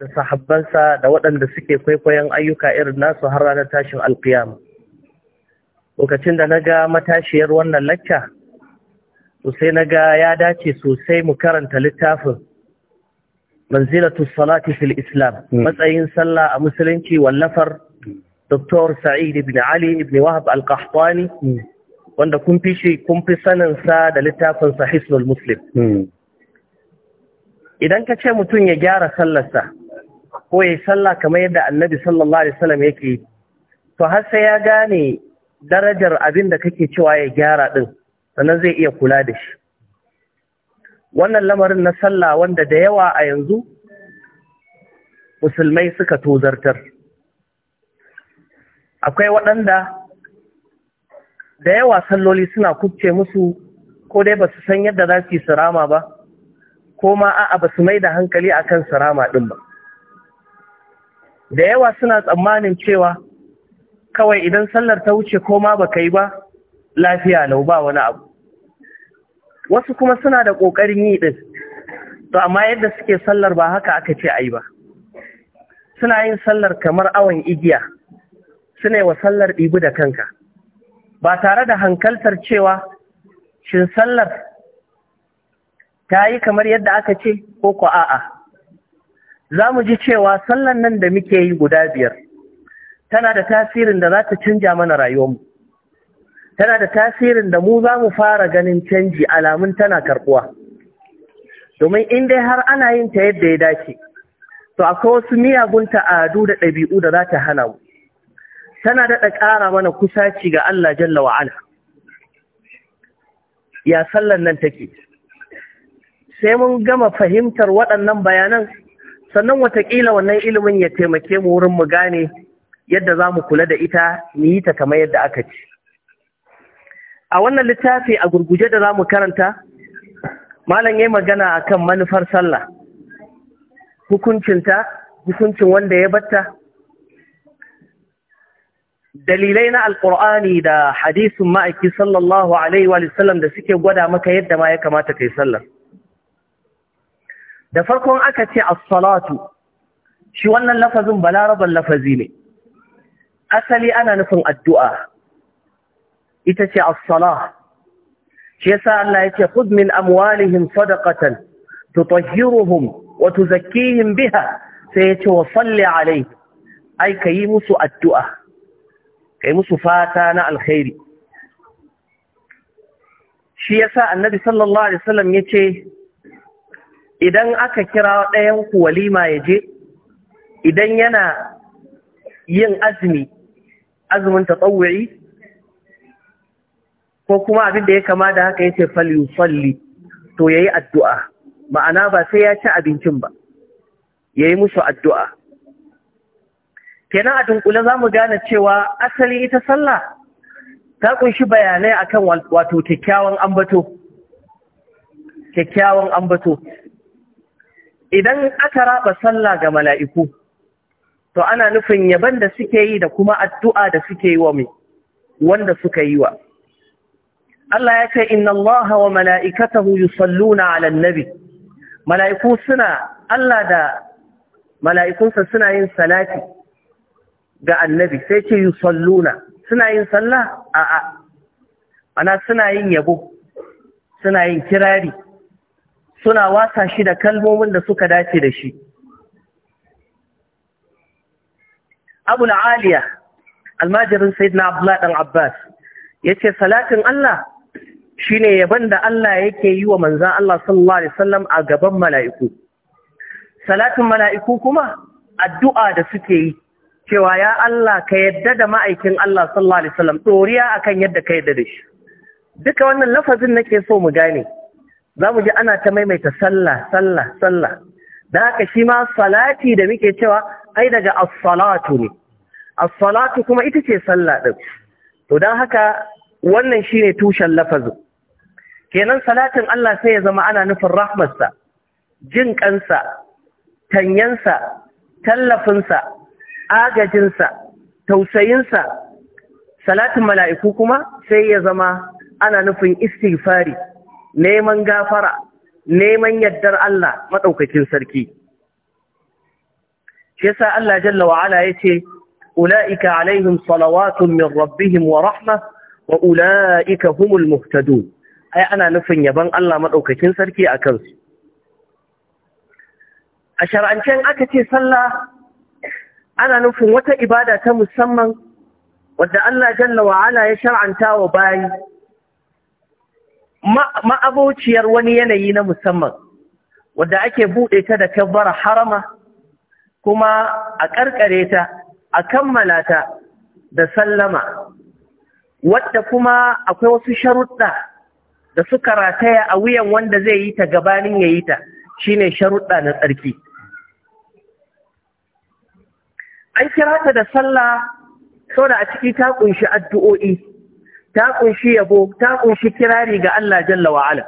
da sahabbansa da waɗanda suke kwaikwayon ayyuka irin nasu har ranar tashin alkiyama lokacin da na ga matashiyar wannan lacca sosai na ga ya dace sosai mu karanta littafin manzilatu salati fil islam hmm. matsayin sallah a musulunci wallafar dr sa'id ibn ali ibn wahab al-qahtani hmm. wanda kun fi shi kun fi sanin sa da littafin sa muslim hmm. idan ka ce mutum ya gyara sallarsa ko ya sallah kamar yadda annabi sallallahu alaihi wasallam yake yi to har sai ya gane darajar abin da kake cewa ya gyara din sannan zai iya kula da shi wannan lamarin na sallah wanda da yawa a yanzu musulmai suka tozartar akwai waɗanda da yawa salloli suna kubce musu ko dai ba su san yadda za su yi sirama ba ko ma a'a ba su mai da hankali akan sirama ɗin ba da yawa suna tsammanin cewa kawai idan sallar ta wuce ko ma baka yi ba lafiya lau ba wani abu wasu kuma suna da ƙoƙarin yi ɗin to amma yadda suke sallar ba haka aka ce a yi ba suna yin sallar kamar awon igiya suna wa sallar ɗibu da kanka ba tare da hankaltar cewa shin sallar ta yi kamar yadda aka ce ko ko a'a za mu ji cewa sallan nan da muke yi guda biyar tana da tasirin da za ta canja mana rayuwarmu tana da tasirin da mu za mu fara ganin canji alamun tana karɓuwa domin in dai har ana yin ta yadda ya dace to akwai wasu miyagun ta'adu da ɗabi'u da za ta hana mu tana daɗa ƙara mana kusaci ga Allah jalla wa'ala ya sallan nan take sai mun gama fahimtar waɗannan bayanan sannan watakila wannan ilimin ya taimake mu wurin mu gane yadda za mu kula da ita mu yi ta kamar yadda aka ci a wannan littafi a gurguje da za mu karanta malam ya magana a kan manufar sallah hukuncinta hukuncin wanda ya batta dalilai na Alƙur'ani, da hadisin ma'aiki sallallahu alaihi wa sallam da suke gwada maka yadda ma ya kamata ka yi sallah da farkon aka ce as-salatu shi wannan lafazin balaraban lafazi ne asali ana nufin addu'a ita ce as-salah shi yasa Allah yake khudh min amwalihim sadaqatan tutahhiruhum wa tuzakkihim biha sai yace wa salli alayhi ai kayi musu addu'a kai musu fata na alkhairi shi yasa annabi sallallahu alaihi wasallam yace idan aka kira ɗayan ku walima ya je idan yana yin azumi azumin tatawwi ko kuma abin da ya kama da haka yace ce, yusalli to yayi addu'a ma'ana ba sai ya ci abincin ba yayi musu addu'a kenan a dunkule zamu gane cewa asali ita sallah ta kunshi bayanai akan wato kikkiawan ambato kyakkyawan ambato idan aka raba sallah ga mala'iku to ana nufin yaban da suke yi da kuma addu'a da suke yi wa mai wanda suka yi wa Allah ya ce inna Allah wa mala'ikatahu yusalluna ala nabi mala'iku suna Allah da mala'ikunsa suna yin salati ga annabi sai ce salluna. suna yin sallah a'a ana suna yin yabo suna yin kirari suna wasa shi da kalmomin da suka dace da shi Abu aliya almajirin na abdullahi dan abbas yace salatin Allah shi shine yaban da Allah yake yi wa manzan Allah sallallahu alaihi wasallam a gaban mala'iku salatin mala'iku kuma addu'a da suke yi cewa ya Allah ka yadda da ma'aikin Allah sallallahu alaihi wasallam a kan yadda ka yadda da shi duka wannan lafazin nake so mu gane za mu ji ana ta maimaita sallah sallah sallah da haka shi ma salati da muke cewa ai daga as-salatu ne as-salatu kuma ita ce sallah din to dan haka wannan shine tushen lafazin kenan salatin Allah sai ya zama ana nufin rahmarsa jin kansa tanyansa tallafinsa agajinsa tausayinsa salatin mala'iku kuma sai ya zama ana nufin istighfari neman gafara neman yaddar Allah madaukakin sarki shi yasa Allah jalla wa ala yace ulaika alaihim salawatun min rabbihim wa rahma wa ulaika humul muhtadun ai ana nufin yaban Allah madaukakin sarki a kansu a shar'ancen aka ce sallah ana nufin wata ibada ta musamman wadda Allah jalla wa ya shar'anta wa bayi ma'abociyar wani yanayi na musamman wadda ake buɗe ta da kabbara harama kuma a ƙarƙare ta a kammala ta da sallama wadda kuma akwai wasu sharuɗa da suka rataya a wuyan wanda zai yi ta gabanin ya yi ta shine sharuɗa na tsarki an kira ta da sallah sau da a ciki ta ƙunshi addu'o'i ta kunshi yabo ta kunshi kirari ga Allah jalla wa ala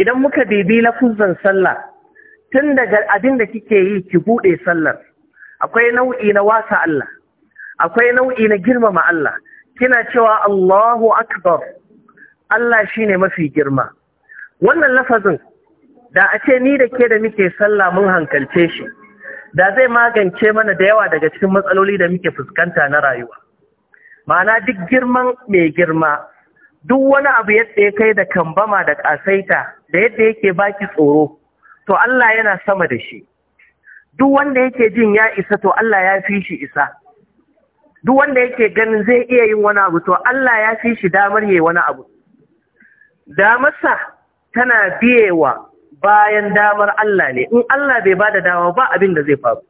idan muka bibi lafuzan sallah tun daga abin da kike yi ki bude sallar akwai nau'i na wasa Allah akwai nau'i na girmama Allah kina cewa Allahu akbar Allah shine mafi girma wannan lafazin da a ce ni da ke da muke sallah mun hankalce shi da zai magance mana da yawa daga cikin matsaloli da muke fuskanta na rayuwa ma'ana duk girman mai girma duk wani abu yadda ya kai da kambama da kasaita da yadda yake baki tsoro to Allah yana sama da shi duk wanda yake jin ya isa to Allah ya fi shi isa duk wanda yake ganin zai iya yin wani abu to Allah ya fi shi damar yi wani abu damarsa tana biyewa bayan damar Allah ne in Allah bai ba da dama ba abin da zai faru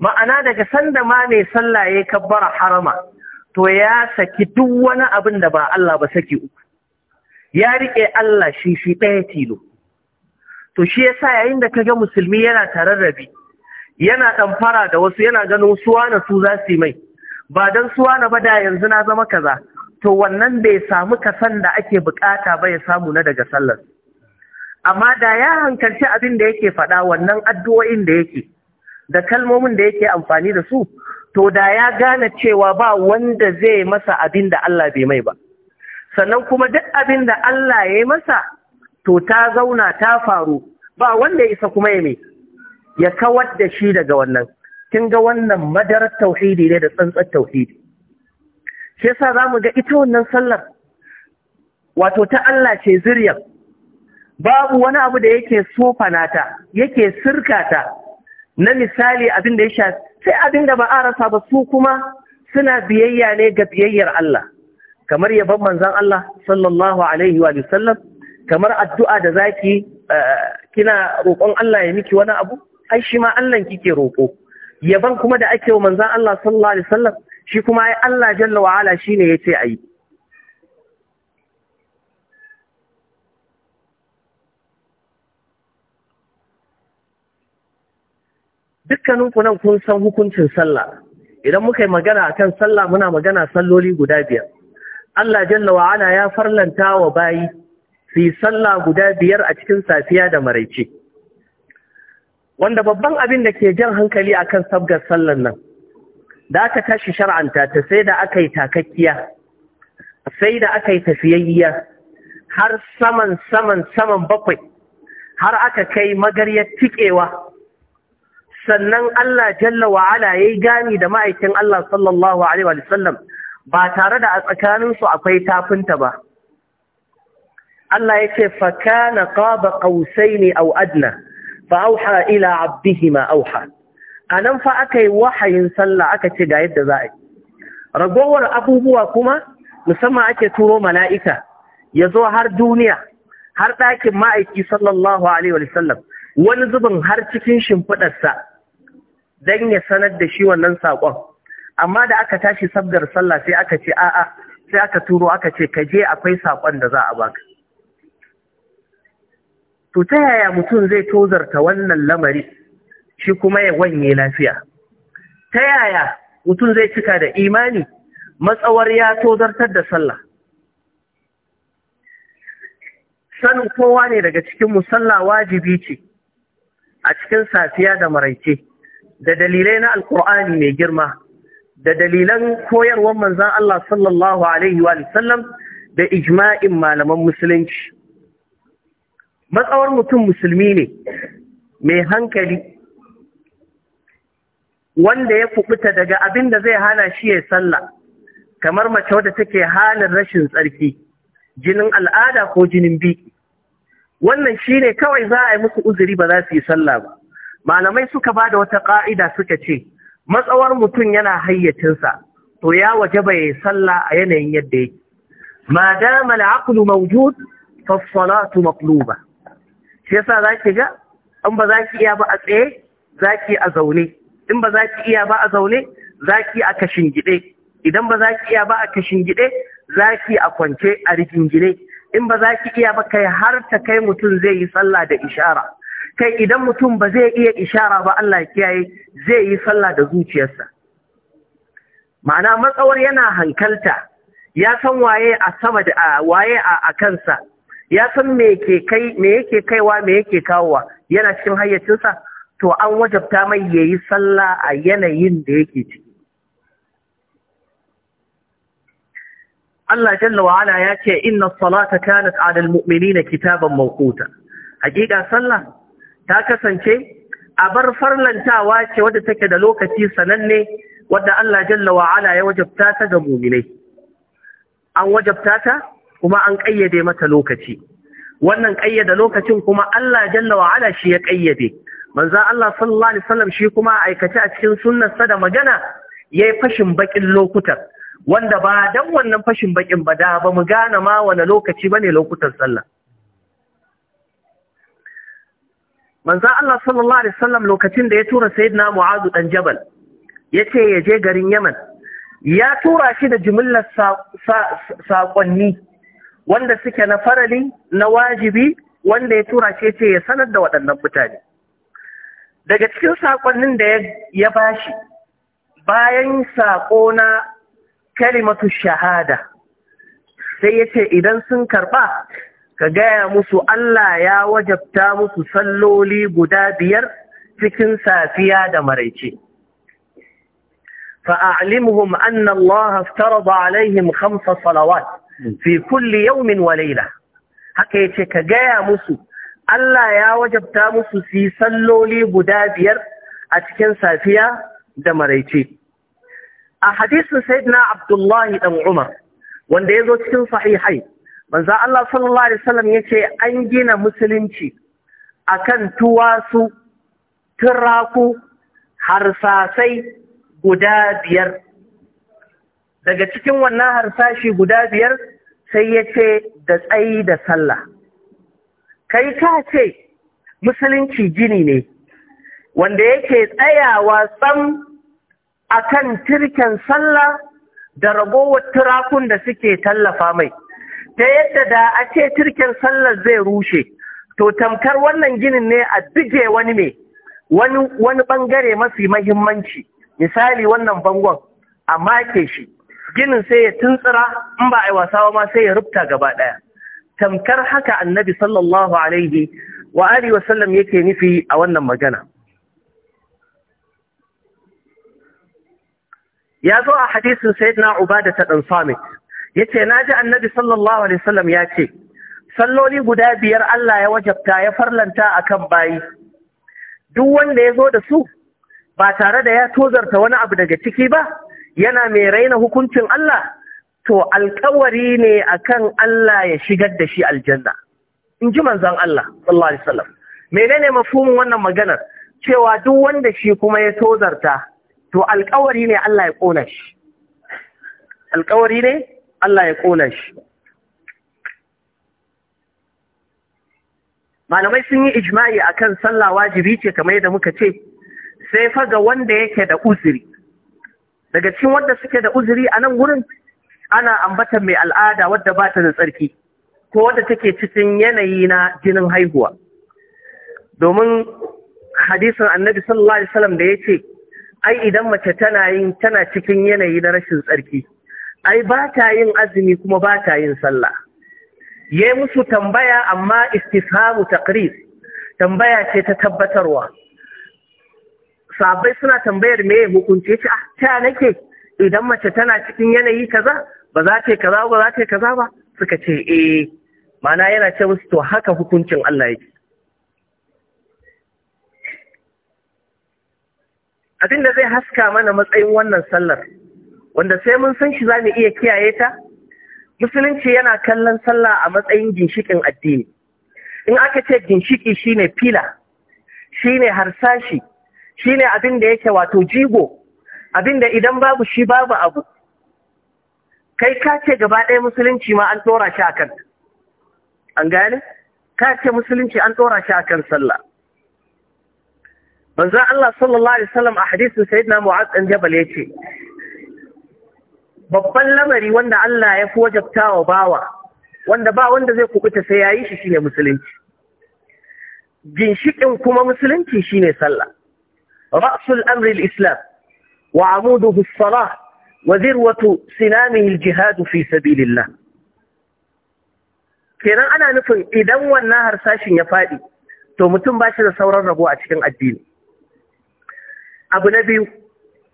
ma'ana daga sanda ma mai sallah ya kabbara harama to ya saki duk wani abin da ba Allah ba saki uku ya riƙe Allah shi shi ɗaya tilo to shi ya yasa yayin da ka ga musulmi yana tare rabi yana ɗamfara da wasu yana ganin suwa na su za su yi mai ba don suwa na ba da yanzu na zama kaza to wannan bai samu kasan da ake bukata ba ya samu na daga sallar amma da ya hankalci abin da yake faɗa wannan addu'o'in da yake da kalmomin da yake amfani da su to da ya gane cewa ba wanda zai masa abin da Allah bai mai ba sannan kuma duk abin da Allah ya masa to ta zauna ta faru ba wanda ya isa kuma ya mai ya kawar da shi daga wannan kin ga wannan madarar tauhidi ne da tsantsar tauhidi shi yasa zamu ga ita wannan sallar wato ta Allah ce ziryar babu wani abu da yake sofa nata yake sirkata na misali abin da ya sai abin da ba a rasa ba su kuma suna biyayya ne ga biyayyar Allah kamar yabon manzan Allah sallallahu alaihi wa sallam kamar addu'a da zaki eh, kina roƙon Allah ya miki wani abu ai shi ma Allah kike roƙo yaban kuma da ake wa manzan Allah sallallahu alaihi wa sallam shi kuma ai Allah jalla wa ala shine yace ayi dukkaninku nan kun san hukuncin sallah idan muka yi magana a kan sallah muna magana salloli guda biyar Allah jalla wa ala ya farlanta wa bayi fi sallah guda biyar a cikin safiya da maraice wanda babban abin da ke jan hankali a kan sabgar sallar nan da aka tashi shar'anta ta sai da aka yi takakkiya sai da aka yi tafiyayya har saman saman saman bakwai har aka kai magaryar tikewa sannan Allah jalla wa ala yayi gani da ma'aikin Allah sallallahu alaihi wa sallam ba tare da a tsakanin su akwai tafinta ba Allah yake fa kana qaba qausaini aw adna fa auha ila abdihima auha anan fa akai wahayin sallah aka ce ga yadda za a yi ragowar abubuwa kuma musamman ake turo mala'ika ya zo har duniya har ɗakin ma'aiki sallallahu alaihi wa sallam wani zubin har cikin shimfiɗarsa don ya sanar da shi wannan saƙon amma da aka tashi sabgar sallah sai aka ce a'a sai aka turo aka ce ka je akwai saƙon da za a baka to ta yaya mutum zai tozarta wannan lamari shi kuma ya wanye lafiya ta yaya mutum zai cika da imani matsawar ya tozartar da sallah sanin kowa ne daga cikin musalla wajibi ce a cikin safiya da maraice da dalilai na alkur'ani mai girma da dalilan koyarwar manzan Allah sallallahu alaihi wa sallam da ijma'in malaman musulunci matsawar mutum musulmi ne mai hankali wanda ya kubuta daga abin da zai hana shi ya sallah kamar mace wadda take halin rashin tsarki jinin al'ada ko jinin bi. wannan shine kawai za a yi musu uzuri ba za su yi sallah ba malamai suka ba da wata ƙa'ida suka ce matsawar mutum yana hayyacinsa to ya waje bai sallah a yanayin yadda yake ma dama al'aqlu maujud, fa as shi yasa zaki ga in ba zaki iya ba a tsaye zaki a zaune in ba zaki iya ba a zaune zaki a kashin gide idan ba zaki iya ba a kashin gide zaki a kwance a rigingine in ba zaki iya ba kai har ta kai mutum zai yi sallah da ishara kai idan mutum ba zai iya ishara ba Allah ya kiyaye zai yi sallah da zuciyarsa ma'ana matsawar yana hankalta ya san waye a sama da waye a kansa ya san me ke kai me yake kaiwa me yake kawowa yana cikin hayyacinsa to an wajabta mai yayi sallah a yanayin da yake ciki Allah jalla wa ala ya ce inna salata kanat ala almu'minina kitaban mawquta hakika sallah ta kasance a bar farlantawa ce wadda take da lokaci sananne wadda Allah jalla wa ya wajabta ta ga muminai an wajabta ta kuma an kayyade mata lokaci wannan kayyada lokacin kuma Allah jalla wa shi ya kayyade manzo Allah sallallahu alaihi wasallam shi kuma a aikace a cikin sa da magana yayi fashin bakin lokutan wanda ba dan wannan fashin bakin ba da ba mu gane ma wani lokaci bane lokutan sallah manzan Allah sallallahu Alaihi wasallam lokacin da ya tura Sayyidina Mu'azu ɗan Jabal ya ce ya je garin Yaman ya tura shi da jimillar saƙonni wanda suke na farali na wajibi wanda ya tura shi ce ya sanar da waɗannan mutane daga cikin saƙonnin da ya ba shi, bayan saƙo na kalimatu shahada sai yace idan sun karɓa ka gaya musu Allah ya wajabta musu salloli guda biyar cikin safiya da maraice. فأعلمهم أن الله افترض alaihim خمس salawat fi kulli يوم وليلة haka yace ka gaya musu Allah ya wajabta musu su salloli guda biyar a cikin safiya da maraice a hadisin sayyidina Abdullahi dan Umar wanda ya zo cikin sahihai manzo Allah sallallahu alaihi wasallam yace an gina musulunci akan tuwasu turaku harsasai guda biyar daga cikin wannan harsashi guda biyar sai yace da tsayi da sallah kai ka ce musulunci jini ne wanda yake tsayawa tsam akan tirken sallah da ragowar turakun da suke tallafa mai ta yadda da a ce turken sallar zai rushe to tamkar wannan ginin ne a bige wani me wani wani bangare mafi mahimmanci misali wannan bangon a make shi ginin sai ya tuntsura in ba a yi wasa ma sai ya rubta gaba ɗaya. tamkar haka annabi sallallahu alaihi wa alihi wa sallam yake nufi a wannan magana ya zo a hadisin sayyidina ubada ta dan samit Ya ce na ji annabi sallallahu alaihi wasallam ya ce salloli guda biyar Allah ya wajabta ya farlanta akan bayi duk wanda ya zo da su ba tare da ya tozarta wani abu daga ciki ba yana mai raina hukuncin Allah to alkawari ne akan Allah ya shigar da shi aljanna in ji manzon Allah sallallahu alaihi wasallam menene mafhumin wannan maganar cewa duk wanda shi kuma ya tozarta to alkawari ne Allah ya kona shi alkawari ne Allah ya ƙona shi malamai sun yi ijma'i akan sallah wajibi ce kamar yadda muka ce sai fa ga wanda yake da uzuri daga cikin wanda suke da uzuri a nan wurin ana ambatan mai al'ada wadda ba ta da tsarki ko wadda take cikin yanayi na jinin haihuwa domin hadisin annabi sallallahu alaihi wasallam da ya ce, ai idan mace tana yin tana cikin yanayi na rashin tsarki ai ba ta yin azumi kuma ba ta yin sallah yayi musu tambaya amma istifhamu taqrir tambaya ce ta tabbatarwa sabai suna tambayar me hukunce. ce ah ta nake idan mace tana cikin yanayi kaza ba za ta kaza ba za ta kaza ba suka ce eh mana yana ce musu to haka hukuncin Allah yake abin da zai haska mana matsayin wannan sallar wanda sai mun san shi za mu iya kiyaye ta musulunci yana kallon sallah a matsayin ginshikin addini in aka ce ginshiki shine fila shine harsashi shine abin da yake wato jigo abin da idan babu shi babu abu kai ka ce gaba ɗaya musulunci ma an tsora shi akan an gane ka ce musulunci an tsora shi akan sallah manzo Allah sallallahu alaihi wasallam a hadisin sayyidina Mu'ad ɗan Jabal ce, babban lamari wanda Allah ya fi wajabta wa bawa wanda ba wanda zai kubuta sai ya yi shi shine musulunci ginshiƙin kuma musulunci shine sallah ra'sul amri al-islam wa amuduhu as-salah wa zirwatu sinamihi al-jihad fi sabilillah kenan ana nufin idan wannan harsashin ya fadi to mutum ba shi da sauran rabo a cikin addini abu na biyu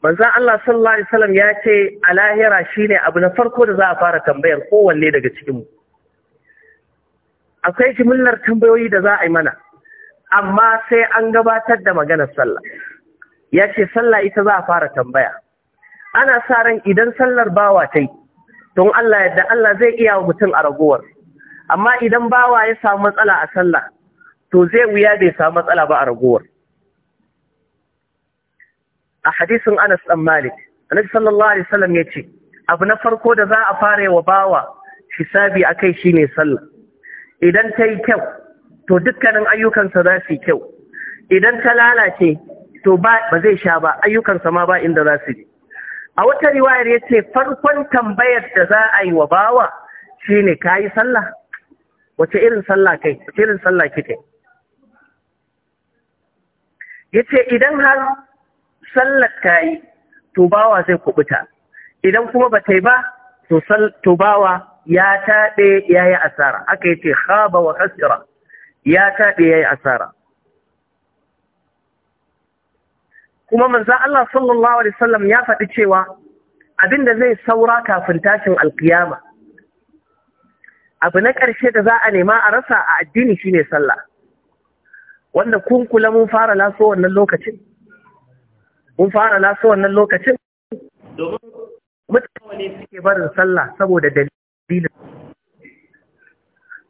manzan Allah sallallahu alaihi wasallam ya ce a lahira shine abu na farko da za a fara tambayar kowanne daga cikinmu akwai jimillar tambayoyi da za a yi mana amma sai an gabatar da maganar sallah ya ce sallah ita za a fara tambaya ana sa ran idan sallar bawa ta yi don Allah yadda Allah zai iya wa mutum a ragowar amma idan bawa ya samu matsala a sallah to zai wuya bai samu matsala ba a ragowar a hadisin Anas ɗan Malik Annabi sallallahu alaihi wasallam ce, abu na farko da za a fara wa bawa hisabi shi ne sallah idan ta yi kyau to dukkanin ayyukansa za su yi kyau idan ta lalace to ba zai sha ba ayyukansa ma ba inda za su yi. a wata riwayar ya ce farkon tambayar da za a yi wa bawa ne ka yi sallah wace irin sallah kai wace irin sallah kike ya ce idan har sallar ta yi to bawa zai kubuta idan kuma ba ta yi ba to bawa ya taɓe ya yi asara aka yi ce khaba wa hasira ya taɓe ya yi asara kuma manzan Allah sallallahu Alaihi wasallam ya faɗi cewa abin da zai saura kafin tashin alkiyama abu na ƙarshe da za a nema a rasa a addini shine sallah wanda kun kula mun fara laso wannan lokacin kun fara laso wannan lokacin domin mutane suke barin sallah saboda dalilin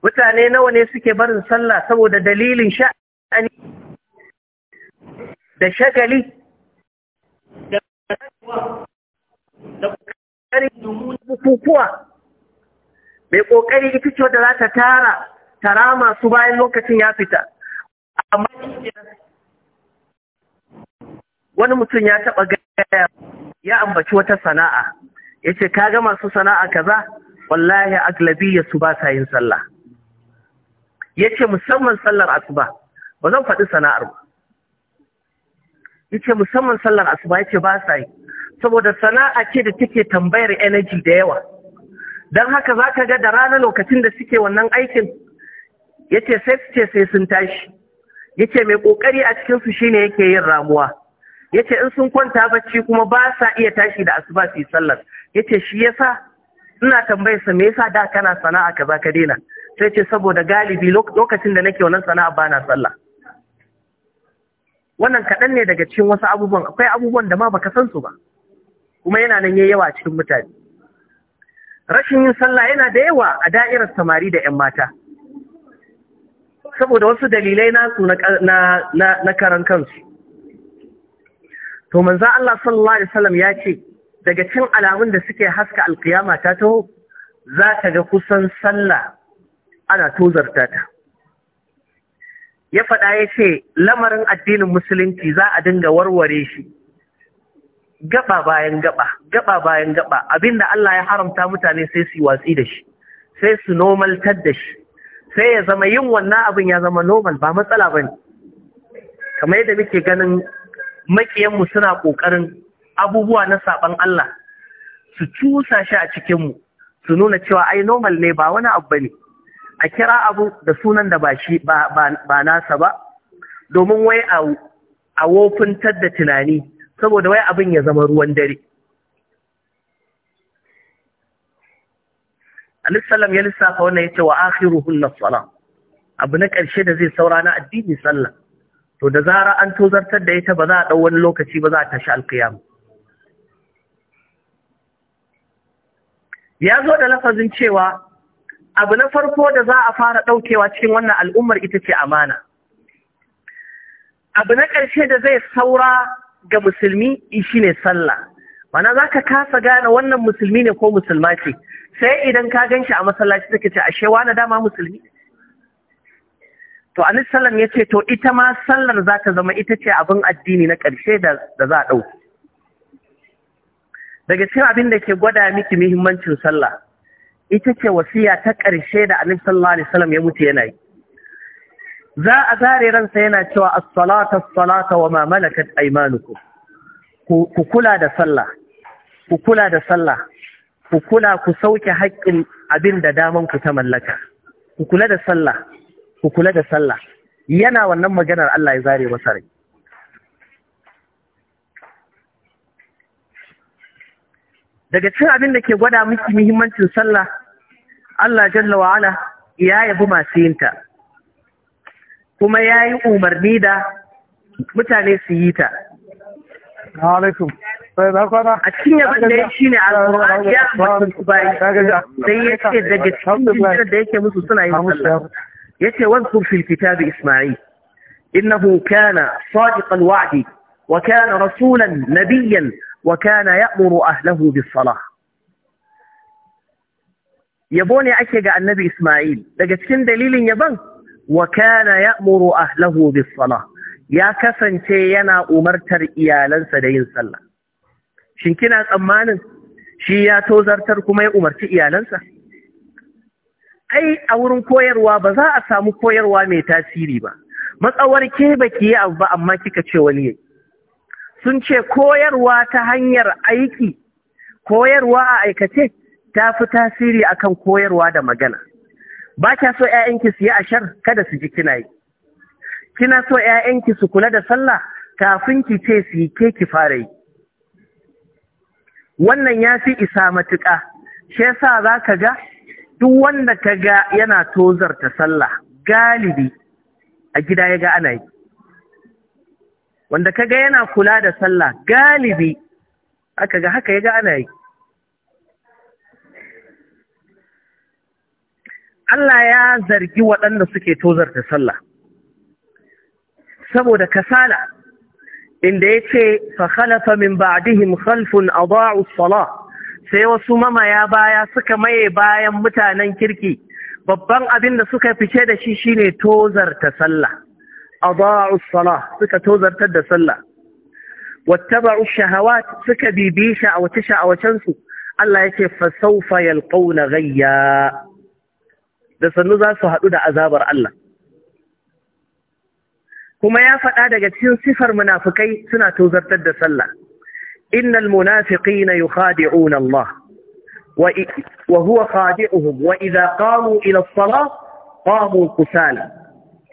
mutane nawa ne suke barin sallah saboda dalilin sha'ani da shagali da da kokari domin bukukuwa mai kokari ita ce wadda za ta tara tara masu bayan lokacin ya fita amma wani mutum ya taɓa gaya ya ambaci wata sana'a ya ce kaga masu sana'a kaza wallahi aglabiya su ba sa yin sallah ya ce musamman sallar asuba ba zan faɗi sana'ar ba ya ce musamman sallar asuba ya ce ba sa yi saboda sana'a ce da take tambayar energy da yawa don haka za ka ga da rana lokacin da suke wannan aikin ya ce sai su ce sai sun tashi ya ce mai ƙoƙari a cikinsu shine yake yin ramuwa yace in sun kwanta bacci kuma ba sa iya tashi da asuba su yi sallar yace shi yasa ina tambayar sa me yasa da kana sana'a kaza ka daina sai ce saboda galibi lokacin da nake wannan sana'a bana sallah wannan kaɗan ne daga cikin wasu abubuwan akwai abubuwan da ma baka san su ba kuma yana nan yayi yawa cikin mutane rashin yin sallah yana da yawa a da'irar samari da 'yan mata saboda wasu dalilai nasu na karan kansu to manzo Allah sallallahu alaihi wasallam ya ce daga cin alamun da suke haska alkiyama ta taho za ka ga kusan sallah ana tozarta ta ya faɗa ya ce lamarin addinin musulunci za a dinga warware shi gaba bayan gaba gaba bayan gaba abinda Allah ya haramta mutane sai su watsi da shi sai su nomaltar da shi sai ya zama yin wannan abin ya zama normal ba matsala ba ne kamar yadda muke ganin makiyanmu suna ƙoƙarin abubuwa na saɓan Allah su cusa shi a cikinmu su nuna cewa ai normal ne ba wani abu ne a kira abu da sunan da ba shi ba nasa ba domin wai a wofintar da tunani saboda wai abin ya zama ruwan dare Alisalam ya lissafa wannan ya ce wa akhiruhun na abu na ƙarshe da zai saura na addini sallah to da zara an tozartar da ita ba za a ɗau wani lokaci ba za a tashi alkiyama ya zo da lafazin cewa abu na farko da za a fara ɗaukewa cikin wannan al'ummar ita ce amana abu na ƙarshe da zai saura ga musulmi shi ne sallah mana za ka kasa gane wannan musulmi ne ko musulma sai idan ka gan shi a masallaci take ce ashewa na dama musulmi to anis sallam ya ce to ita ma sallar za ta zama ita ce abin addini na ƙarshe da za a ɗauki daga cikin abin da ke gwada miki muhimmancin sallah ita ce wasiya ta ƙarshe da annabi sallallahu alaihi wasallam ya mutu yana yi za a zare ransa yana cewa as-salata as-salata wa ma malakat aymanukum ku kula da sallah ku kula da sallah ku kula ku sauke haƙƙin abin da daman ku ta mallaka ku kula da sallah ku kula da sallah yana wannan maganar Allah ya zare masa rai daga cin abin da ke gwada miki muhimmancin sallah Allah jalla wa ala ya yabi masu yinta kuma ya yi umarni da mutane su yi ta a cikin yabin da ya shi ne alƙur'ani ya ambaci bayi sai ya ce daga cikin da yake musu suna yi sallah يتوذكر في الكتاب إسماعيل إنه كان صادق الوعد وكان رسولا نبيا وكان يأمر أهله بالصلاة يبوني عكيق عن النبي إسماعيل لقد كن دليل يبن وكان يأمر أهله بالصلاة يا كفن تينا أمرتر إيالا سدين سلا شنكنا أمانا شياتو زرتركم يا أمرتر إيالا سلا ai a wurin koyarwa ba za a samu koyarwa mai tasiri ba matsawar ke baki yi abu ba amma kika ce wani yayi sun ce koyarwa ta hanyar aiki koyarwa a aikace ta fi tasiri akan koyarwa da magana ba kya so ‘ya'yanki su yi ashar kada su ji kina yi kina so ‘ya'yanki su kula da sallah kafin ki ce su yi ke ki fara yi wannan ya fi isa matuƙa shi yasa za ka ga duk wanda ka ga yana tozarta sallah galibi a gida ya ga ana yi wanda ka ga yana kula da sallah galibi aka ga haka ya ga ana yi Allah ya zargi waɗanda suke tozarta sallah saboda kasala inda ya ce fa khalafa min ba'dihim khalfun a ba'u salah sai wasu mamaya baya suka maye bayan mutanen kirki babban abin da suka fice da shi shine tozarta sallah adaa'u salah suka tozartar da sallah wattaba'u shahawat suka bibi sha'awace sha'awacen su Allah yake fa sawfa yalqawna ghayya da sannu za su haɗu da azabar Allah kuma ya faɗa daga cikin sifar munafukai suna tozartar da sallah إن المنافقين يخادعون الله وهو خادعهم وإذا قاموا إلى الصلاة قاموا كسالى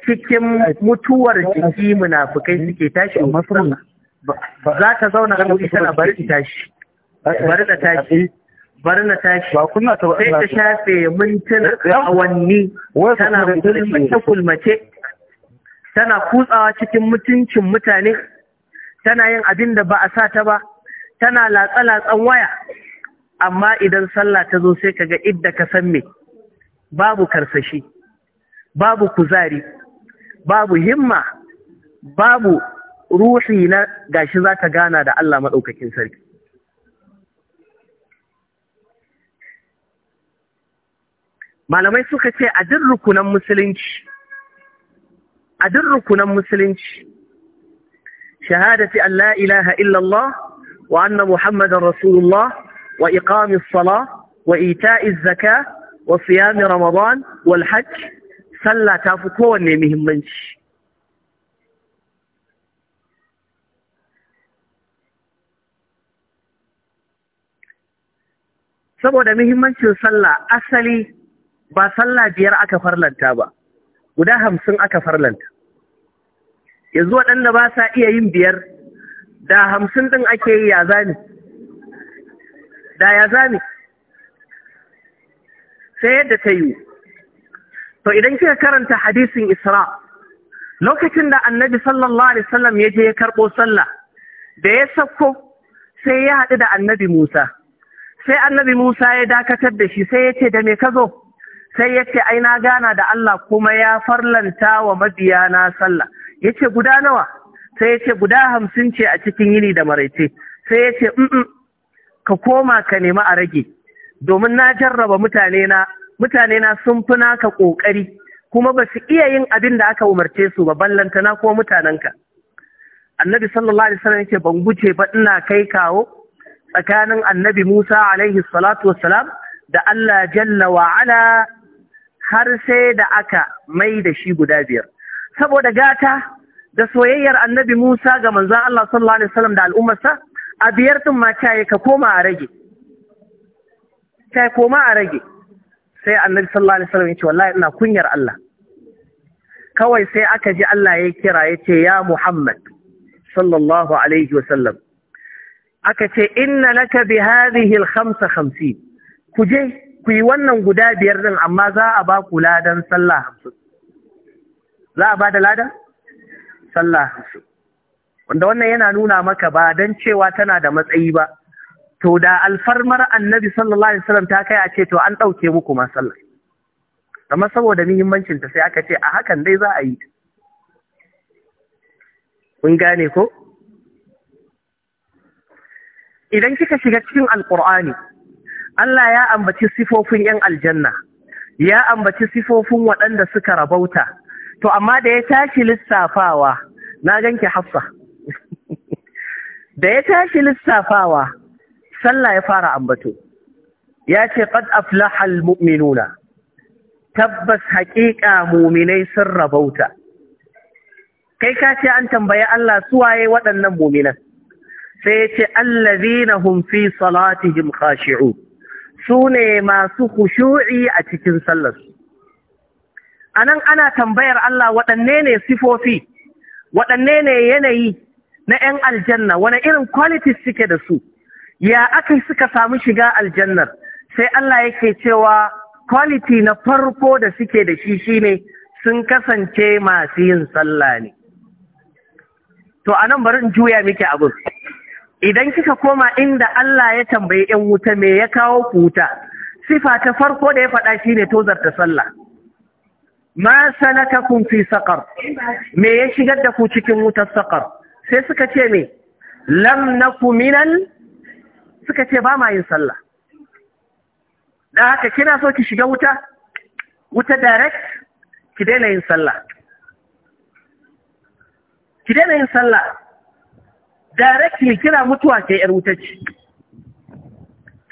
cikin mutuwar jiki munafukai suke tashi za ta zauna ga mutu tana bari ta tashi bari tashi bari na tashi sai ta shafe mintuna awanni tana kulmace tana kutsawa cikin mutuncin mutane tana yin abin da ba a sa ta ba tana latsa-latsan waya amma idan sallah ta zo sai kaga idda ka san me babu karsashi babu kuzari babu himma babu ruhi na gashi zaka gana da Allah madaukakin sarki malamai suka ce a duk rukunan musulunci a duk rukunan musulunci shahadati an la ilaha illallah وأن محمدا رسول الله وإقام الصلاة وإيتاء الزكاة وصيام رمضان والحج صلى تافكو kowanne منش saboda muhimmancin sallah asali ba sallah biyar aka farlanta ba guda hamsin aka farlanta yanzu waɗanda ba sa iya yin biyar da hamsin ɗin ake yi ya zami da ya zami sai yadda ta yi to idan kika karanta hadisin isra lokacin da annabi sallallahu alaihi wasallam ya je ya karɓo sallah da ya sauko sai ya haɗu da annabi musa sai annabi musa ya dakatar da shi sai ya ce da me ka zo sai ya ce ai gana da allah kuma ya farlanta wa mabiya na sallah ya ce guda nawa sai ya ce guda hamsin ce a cikin yini da maraice sai ya ce ka koma ka nema a rage domin na jarraba mutanena, na mutane na sun fi naka ƙoƙari kuma ba su iya yin abin da aka umarce su ba ballantana ko mutanenka annabi sallallahu alaihi wasallam yake ban guje ba ina kai kawo tsakanin annabi Musa alaihi salatu wassalam da Allah jalla wa ala har sai da aka mai da shi guda biyar saboda gata da soyayyar annabi Musa ga manzan Allah sallallahu Alaihi wasallam da al'ummarsa a biyar ɗin ma caye ka koma a rage. Caye koma a rage. Sai annabi sallallahu Alaihi wasallam ya ce wallahi ina kunyar Allah. Kawai sai aka ji Allah ya kira ya ce ya Muhammad sallallahu Alaihi wasallam. Aka ce inna laka bi hadhihi al-khamsa khamsin. Ku je ku yi wannan guda biyar din amma za a ba ku ladan sallah hamsin. Za a ba da ladan? sallah hamsin wanda wannan yana nuna maka ba don cewa tana da matsayi ba to da alfarmar annabi sallallahu alaihi wasallam ta kai a ce to an ɗauke muku ma sallah amma saboda muhimmancin ta sai aka ce a hakan dai za a yi kun gane ko idan kika shiga cikin alqur'ani Allah ya ambaci sifofin yan aljanna ya ambaci sifofin waɗanda suka rabauta to amma da ya tashi lissafawa na ganki hafsa da ya tashi lissafawa sallah ya fara ambato ya ce qad aflaha almu'minuna tabbas haƙiƙa muminai sun rabauta kai ka ce an tambayi Allah suwaye waɗannan muminan sai ya ce allazina hum fi salatihim khashi'un Sune masu khushu'i a cikin sallarsu a nan ana tambayar Allah waɗanne ne sifofi waɗanne ne yanayi na 'yan aljanna wani irin kwaliti suke da su ya aka suka samu shiga aljannar sai Allah yake cewa kwaliti na farko da suke da shi shine sun kasance masu yin sallah ne to anan bari in juya miki abu. idan kika koma inda Allah ya tambayi 'yan wuta me ya kawo ku wuta sifa ta farko da ya faɗa shine tozarta sallah ma salakakum fi saqar me ya shigar da ku cikin wutar saqar sai suka ce me lam naku minal suka ce ba ma yin sallah dan haka kina so ki shiga wuta wuta direct ki daina yin sallah ki daina yin sallah ki kira mutuwa ke yar wuta ce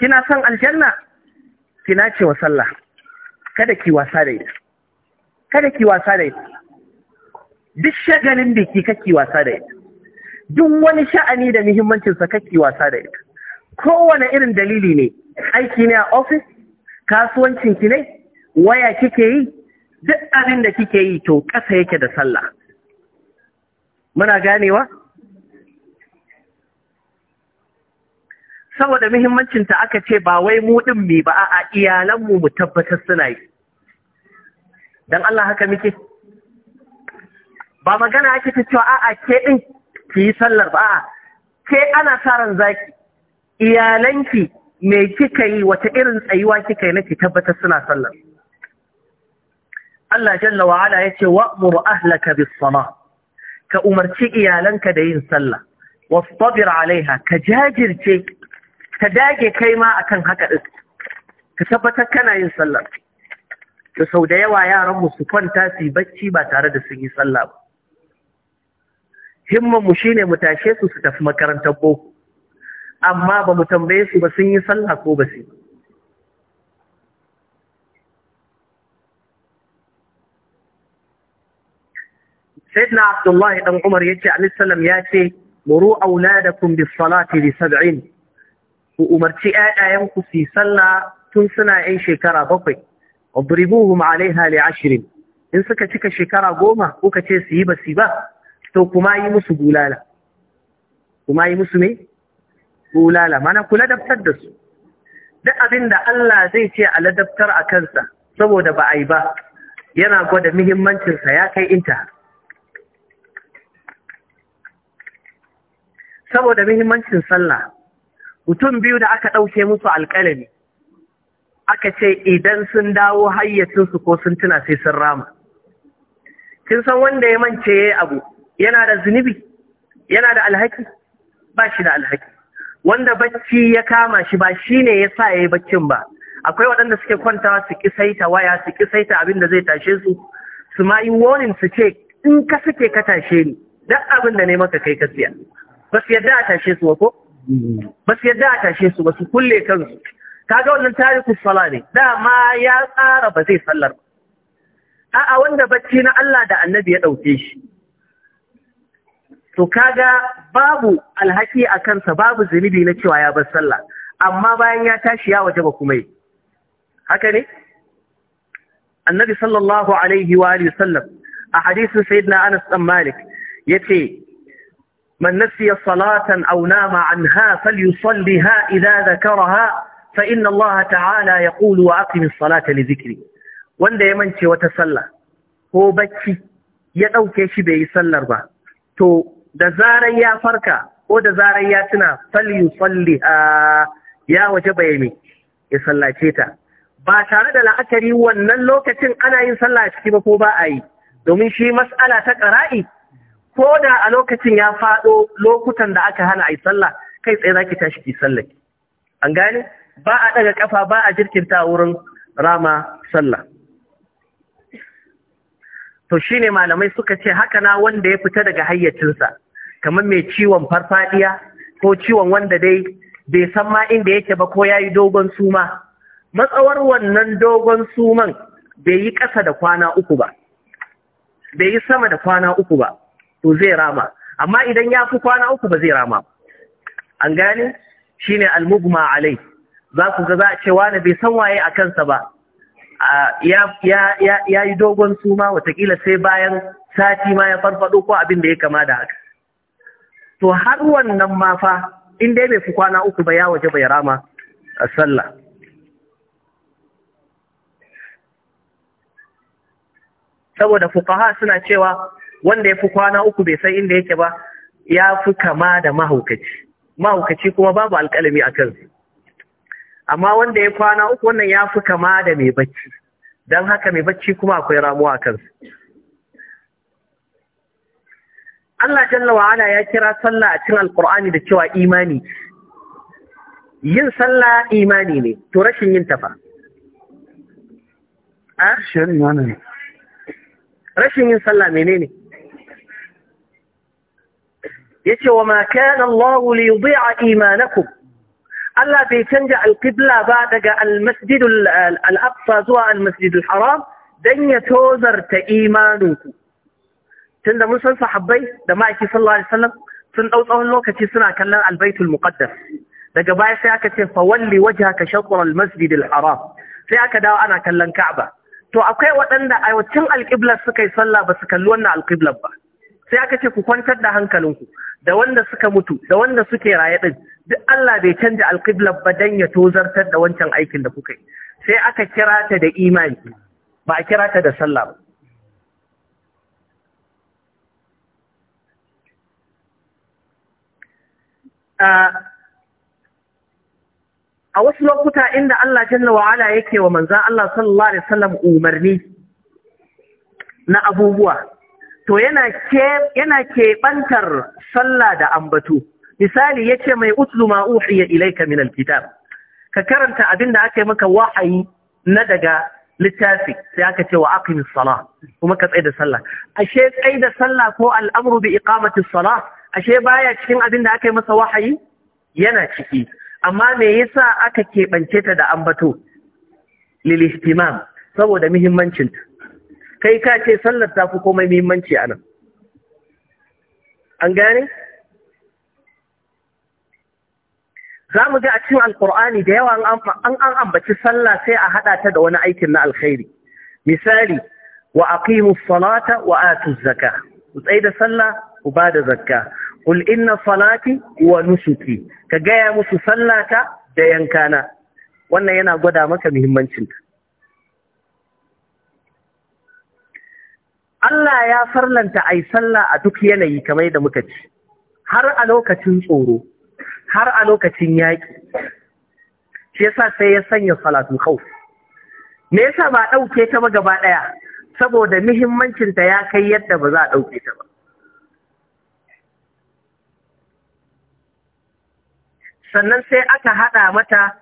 kina son aljanna kina ce wa sallah kada ki wasa da ita kada ki wasa da ita duk shagalin biki kake wasa da ita duk wani sha'ani da muhimmancinsa kake wasa da ita kowane irin dalili ne aiki ne a ofis ki ne waya kike yi duk abin da kike yi to kasa yake da sallah muna ganewa saboda muhimmancinta aka ce ba wai mu ɗin mi ba a iyalanmu mu tabbatar suna yi dan Allah haka muke ba magana ake ta cewa a'a ke ɗin ki yi sallar ba a'a ke ana sa ran zaki iyalanki me kika yi wata irin tsayuwa kika yi nake tabbatar suna sallar Allah jalla wa ala yace wa'mur ahlaka bis salah ka umarci iyalanka da yin sallah wastabir alaiha ka jajirce ka dage kai ma akan haka din ka tabbatar kana yin sallar to sau da yawa yaran mu su kwanta su bacci ba tare da sun yi sallah ba himman mu shine mu tashe su su tafi makarantar boko amma ba mu tambaye su ba sun yi sallah ko ba su Sayyidina Abdullahi dan Umar yace Alaihi Salam ya ce muru auladakum bis salati li sab'in ku umarci 'yayayanku ku su sallah tun suna 'yan shekara bakwai wadribuhum alaiha li ashirin, in suka cika shekara goma kuka ce su yi ba su ba to kuma yi musu bulala kuma yi musu me bulala mana kula daftar da su duk abin da Allah zai ce a ladabtar a kansa saboda ba a yi ba yana gwada muhimmancinsa ya kai inta saboda muhimmancin sallah mutum biyu da aka ɗauke musu alƙalami aka ce idan sun dawo hayyacinsu ko sun tuna sai sun rama kin san wanda ya mance yi abu yana da zunubi yana da alhaki ba shi da alhaki wanda bacci ya kama shi ba shi sa yasa yayi baccin ba akwai waɗanda suke kwantawa su kisaita waya su kisaita abin da zai tashe su su ma yi warning su ce in ka suke ka tashe ni duk abin da ne maka kai ka siya ba su yadda a tashe su ba ko ba su yadda a tashe su ba su kulle kansu kaga wannan tariku sala ne dama ya tsara ba zai sallar ba a'a wanda bacci na Allah da annabi ya ɗauke shi to kaga babu alhaki a kansa babu zunubi na cewa ya bar sallah amma bayan ya tashi ya waje ba kuma yi haka ne annabi sallallahu alaihi wa alihi sallam a hadisin sayyidina Anas dan Malik yace man nasiya salatan aw nama anha falyusalliha idza dhakaraha fa inna Allah ta'ala yaqulu wa aqimis salata li zikiri, wanda ya mance wata sallah ko bacci ya ɗauke shi bai yi sallar ba to da zarar ya farka ko da zarar ya tuna falyu salli a ya waje bayani ya sallace ta ba tare da la'akari wannan lokacin ana yin sallah a ciki ba ko ba a yi domin shi mas'ala ta ƙara'i ko da a lokacin ya faɗo lokutan da aka hana a yi sallah kai tsaye za ki tashi ki sallaki an gane ba a daga kafa ba a jirkinta wurin rama sallah to shine malamai suka ce haka na wanda ya fita daga hayyacinsa kamar mai ciwon farfadiya ko ciwon wanda dai bai san ma inda yake ba ko yayi dogon suma matsawar wannan dogon suman bai yi ƙasa da kwana uku ba bai yi sama da kwana uku ba to zai rama amma idan ya fi kwana uku ba zai rama an gane shine almugma alai za ku ga za a ce wani bai san waye a kansa ba ya yi dogon suma watakila sai bayan sati ma ya farfado ko abin da ya kama da haka to har wannan ma fa in fi kwana uku ba ya waje bai rama a sallah saboda fukaha suna cewa wanda ya fi kwana uku bai san inda yake ba ya fi kama da mahaukaci mahaukaci kuma babu alkalami a kansu amma wanda ya kwana uku wannan ya fi kama da mai bacci don haka mai bacci kuma akwai ramuwa kansu Allah jalla wa ala ya kira sallah a cikin alkur'ani da cewa imani yin sallah imani ne to rashin yin tafa ah? rashin yin sallah menene yace wa ma kana Allah li yudhi'a imanakum Allah bai canja alƙibla ba daga almasjidul zuwa almasjidul haram don ya tozarta imaninku. Tunda mun san sahabbai da ma'aiki sallallahu alaihi wasallam sun ɗau tsawon lokaci suna kallon albaitul muqaddas. Daga baya sai aka ce fa walli wajhaka shatr almasjidil haram. Sai aka dawo ana kallon Ka'aba. To akwai waɗanda a alƙiblar suka yi sallah ba su kalli wannan alƙiblar ba. Sai aka ce ku kwantar da hankalinku da wanda suka mutu da wanda suke raye ɗin duk Allah bai canja alƙiblar ba dan ya tozartar da wancan aikin da kuka yi sai aka kira ta da imani ba a kira ta da sallah ba a wasu lokuta inda Allah canza wa ala yake wa manzan Allah sallallahu alaihi wasallam umarni na abubuwa to yana ke ɓantar sallah da ambato misali yace mai utlu ma uhiya ilayka min alkitab ka karanta abin da aka yi maka wahayi na daga littafi sai aka ce wa aqimi salah kuma ka tsaida sallah ashe tsaida sallah ko al'amru bi iqamati sala ashe baya cikin abin da aka yi masa wahayi yana ciki amma me yasa aka keɓance ta da ambato lil ihtimam saboda muhimmancin ta kai ka ce sallar ta fi komai muhimmanci anan an gane za mu ji a cikin alkur'ani da yawa an an ambaci sallah sai a haɗa ta da wani aikin na alkhairi misali wa aqimu salata wa atu zakka ku tsaye da sallah ku ba da zakka qul inna salati wa nusuki ka gaya musu sallata da yankana wannan yana gwada maka muhimmancin Allah ya farlanta ai sallah a duk yanayi kamar da muka ci har a lokacin tsoro har a lokacin yaƙi shi yasa sai ya sanya salatul khawf me yasa ba ɗauke ta ba gaba ɗaya saboda muhimmancinta ya kai yadda ba za a ɗauke ta ba sannan sai aka haɗa mata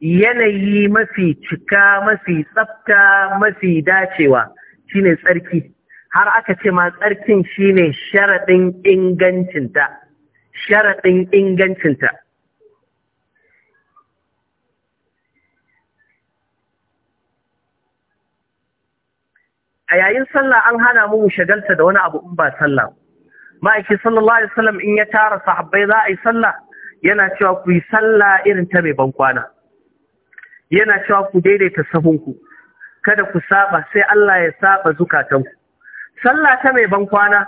yanayi mafi cika mafi tsafta mafi dacewa shine tsarki har aka ce ma tsarkin shine sharaɗin ingancinta sharaɗin ingancinta. A yayin sallah an hana mu shagalta da wani abu in ba sallah. Ma'aiki sallallahu Alaihi wasallam in ya tara sahabbai za a yi sallah yana cewa ku yi sallah irin ta mai bankwana. Yana cewa ku daidaita sahunku, kada ku saba sai Allah ya saba zukatanku. Sallah ta mai bankwana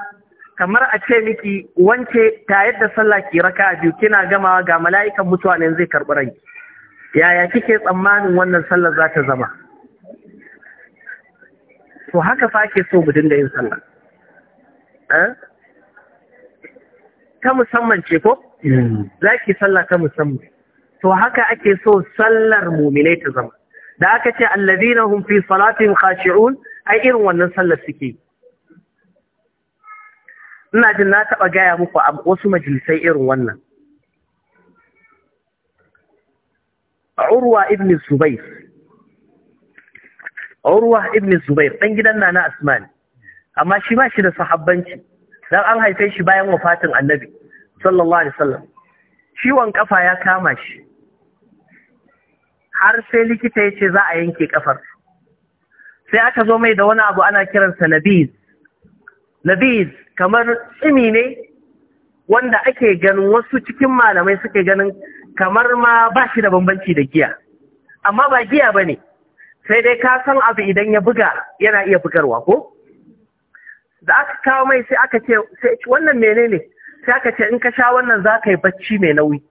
kamar a ce miki wance ta yadda sallah ki raka biyu kina gamawa ga mala'ikan mutuwa ne zai karɓi rai yaya kike tsammanin wannan sallar za ta zama to haka fa ke so mu dinga yin sallah eh? ta musamman ce ko za ki sallah ta musamman to haka ake so sallar mumine ta zama da aka ce allazina hum fi salatin khashi'un ai irin wannan sallar suke yi ina jin na taɓa gaya muku a wasu majalisai irin wannan urwa ibn zubair urwa ibn zubair ɗan gidan nana asman amma shi ba shi da sahabbanci dan an haife shi bayan wafatin annabi sallallahu alaihi wasallam ciwon kafa ya kama shi har sai likita ya ce za a yanke kafar sai aka zo mai da wani abu ana kiransa Nabiz. Nabiz, kamar tsimi ne wanda ake ganin wasu cikin malamai suke ganin kamar ma ba shi da bambanci da giya amma ba giya ba ne sai dai ka san abu idan ya buga yana iya bugarwa ko da aka kawo mai sai aka ce wannan menene sai aka ce in ka sha wannan za ka yi bacci mai nauyi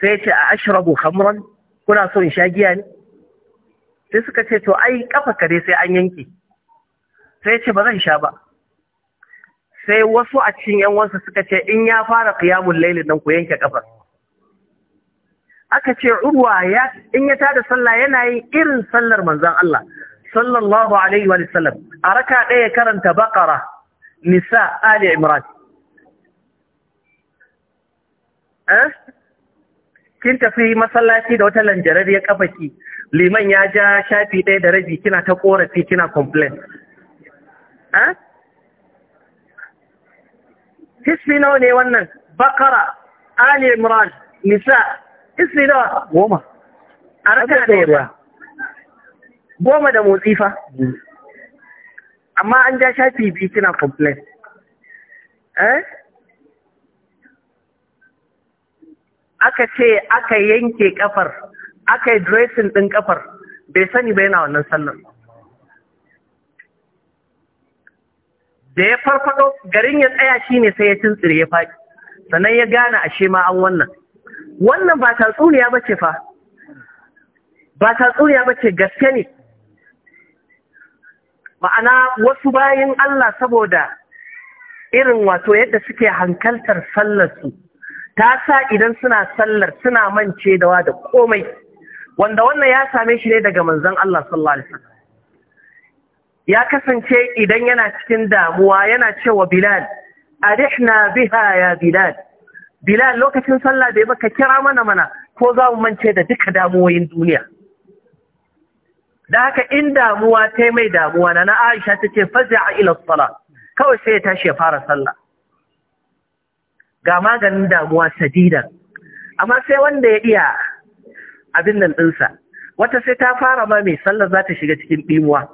sai ya ce a ashirabu hamran kuna so in sha giya ne sai suka ce to ai kafa kare sai an yanke sai ya ce ba zan sha ba sai wasu a cikin yan suka ce in ya fara qiyamul layl don ku yanke kafar aka ce urwa ya in ya tada sallah yana yin irin sallar manzon Allah sallallahu alaihi wa sallam a raka ɗaya karanta baqara nisa ali imran eh kin tafi masallaci da wata lanjarar ya kafaki liman ya ja shafi ɗaya da rabi kina ta korafi kina complain eh Hisfi nawa ne wannan? Bakara, Ali Imran, Nisa, hisfi nawa? Goma. A raka da ba. Goma da motsi fa. Mm. Amma an ja shafi biyu kina complain. Eh? Aka ce aka yanke kafar, aka yi dressing ɗin kafar, bai sani ba yana wannan sallar. da ya farfado garin ya tsaya shi ne sai ya tuntsire ya faɗi sannan ya gane ashe ma an wannan wannan ba tatsuniya bace fa ba tatsuniya bace gaske ne ma'ana wasu bayan Allah saboda irin wato yadda suke hankaltar sallar su, ta sa idan suna sallar suna mance da wa da komai wanda wannan ya same shi ne daga manzon Allah sallallahu alaihi wasallam ya kasance idan yana cikin damuwa yana cewa Bilal arihna biha ya Bilal Bilal lokacin sallah bai baka kira mana mana ko za mu mance da duka damuwoyin duniya da haka in damuwa ta mai damuwa na Aisha ta ce a ila sala kawai sai ya tashi ya fara sallah ga maganin damuwa sadida amma sai wanda ya iya abin nan dinsa wata sai ta fara ma mai sallah za ta shiga cikin ɗimuwa.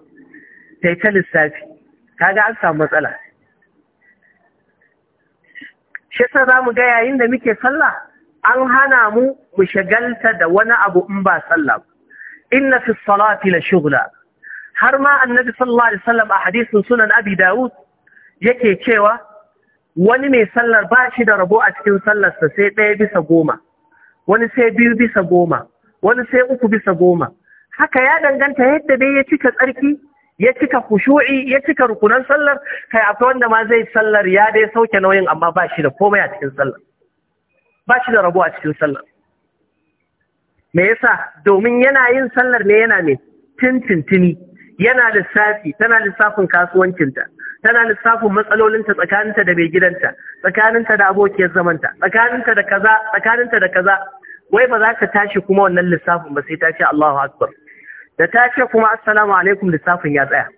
ta yi ta lissafi kaga an samu matsala shi sa za mu ga yayin da muke sallah an hana mu mu shagalta da wani abu in ba sallah inna fi salati la shughla har ma annabi sallallahu alaihi wasallam a hadisin sunan abi dawud yake cewa wani mai sallar ba shi da rabo a cikin sallarsa sai ɗaya bisa goma wani sai biyu bisa goma wani sai uku bisa goma haka ya danganta yadda dai ya cika tsarki ya cika kushu'i ya cika rukunan sallar kai akwai wanda ma zai sallar ya dai sauke nauyin amma ba shi da komai a cikin sallar ba shi da rabo a cikin sallar me yasa domin yana yin sallar ne yana ne tintintini yana lissafi tana lissafin kasuwancinta tana lissafin matsalolinta tsakaninta da mai gidanta tsakaninta da abokiyar zamanta tsakaninta da kaza tsakaninta da kaza wai ba za ka tashi kuma wannan lissafin ba sai ta ce Allahu akbar da ta ce kuma assalamu alaikum lissafin ya tsaya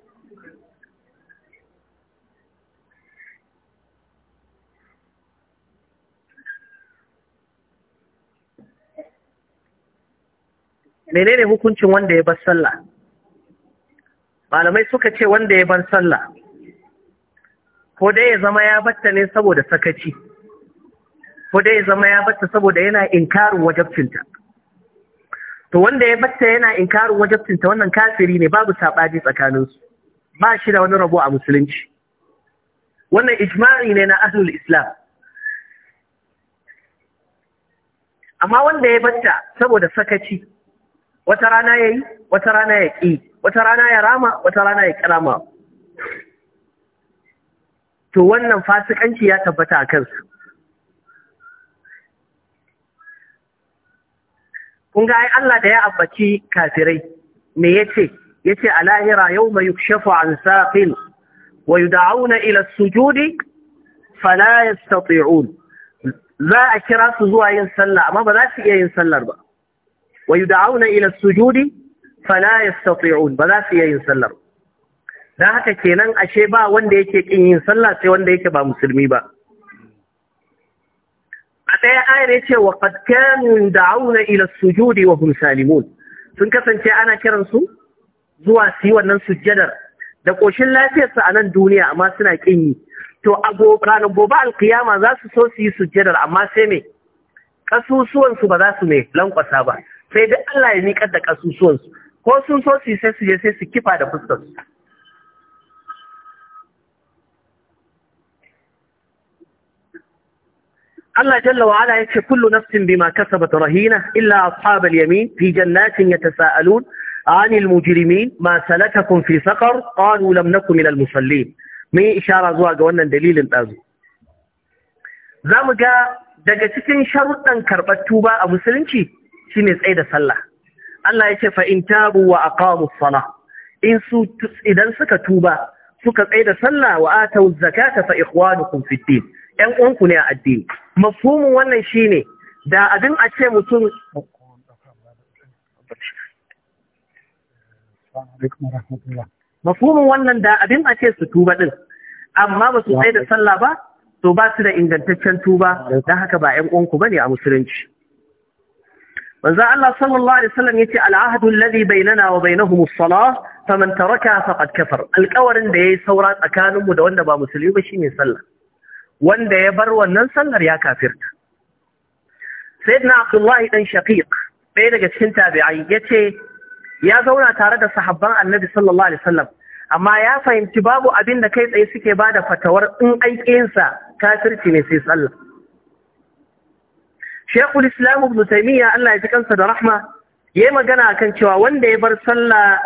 menene hukuncin wanda ya bar sallah malamai suka ce wanda ya bar sallah ko dai ya zama ya batta ne saboda sakaci ko dai ya zama ya batta saboda yana inkarin wajabcinta to wanda ya batta yana inkarin wajabtinta, wannan kafiri ne babu saɓaji tsakaninsu, ba shi da wani rabo a musulunci wannan ijma'i ne na ahlul islam amma wanda ya batta saboda sakaci wata rana ya yi, wata rana ya ƙi wata rana ya rama wata rana ya kirama to wannan fasikanci ya tabbata a kansu kun ga ai Allah da ya ambaci kafirai me yace yace a lahira yawma yukshafu an saqin wa yud'auna ila sujudi fala yastati'un za a kira su zuwa yin sallah amma ba za su iya yin sallar ba wa yud'auna ila sujudi fala yastati'un ba za su iya yin sallar dan haka kenan ashe ba wanda yake kin yin sallah sai wanda yake ba musulmi ba a ɗaya ayar ya ce wa qad da auna ila sujudi wa hum sun kasance ana kiransu zuwa su yi wannan sujjadar da ƙoshin lafiyarsa a nan duniya amma suna ƙin yi to a ranar gobe alkiyama za su so su yi sujjadar amma sai me ƙasusuwansu ba za su mai lankwasa ba sai dai Allah ya miƙar da kasusuwansu ko sun so su yi sai su je sai su kifa da fuskarsu Allah jalla wa ala yace kullu nafsin bima kasabat rahina illa ashabal yamin fi jannatin yatasaalun anil mujrimin ma salakakum fi saqar qalu lam nakum minal musallin mun ishara zuwa ga wannan dalilin dazu zamu ga daga cikin sharuɗan karɓar tuba a musulunci shine tsaida da sallah Allah ya ce fa in tabu wa aqamu sala in su idan suka tuba suka tsaye da sallah wa atau zakata fa ikhwanukum fid din ɗan uwanku ne a addini. Mafhumin wannan shine da abin a ce mutum Mafhumin wannan da abin a ce su tuba din amma ba su tsaye da sallah ba, to ba su da ingantaccen tuba, don haka ba ‘yan uwanku ba ne a musulunci. manzo Allah sallallahu alaihi wasallam yace al'ahdu alladhi bainana wa bainahum as-salah faman taraka faqad kafar alqawarin da yayi saura tsakaninmu da wanda ba musulmi ba shine sallah wanda ya bar wannan sallar ya kafirta sayyidina abdullahi dan shafiq ɗaya daga cikin tabi'ai yace ya zauna tare da sahabban annabi sallallahu alaihi wasallam amma ya fahimci babu abin da kai tsaye suke bada fatawar in aikinsa kafirci ne sai sallah Shekul Islam Ibn Taymiyyah Allah ya ji kansa da rahma yi magana akan cewa wanda ya bar sallah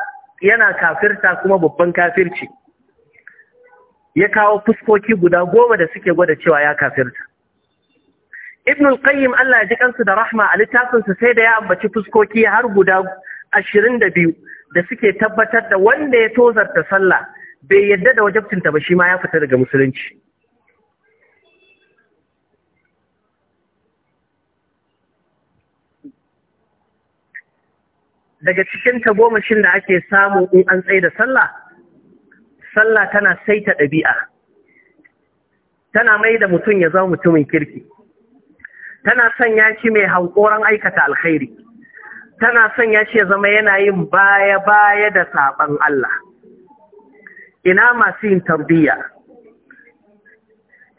yana kafirta kuma babban kafirci ya kawo fuskoki guda goma da suke gwada cewa ya kafirta Ibn qayyim Allah ya ji kansu da rahma a littafinsa sai da ya ambaci fuskoki har guda ashirin da biyu da suke tabbatar da wanda ya tozarta sallah bai yadda da wajabtinta ba shi ma ya fita daga musulunci daga cikin goma da ake samu in an tsaye da sallah sallah tana saita ɗabi'a tana mai da mutum ya zama mutumin kirki tana sanya shi mai hankoran aikata alkhairi tana sanya shi ya zama yana yin baya-baya da saɓan Allah ina masu yin tarbiyya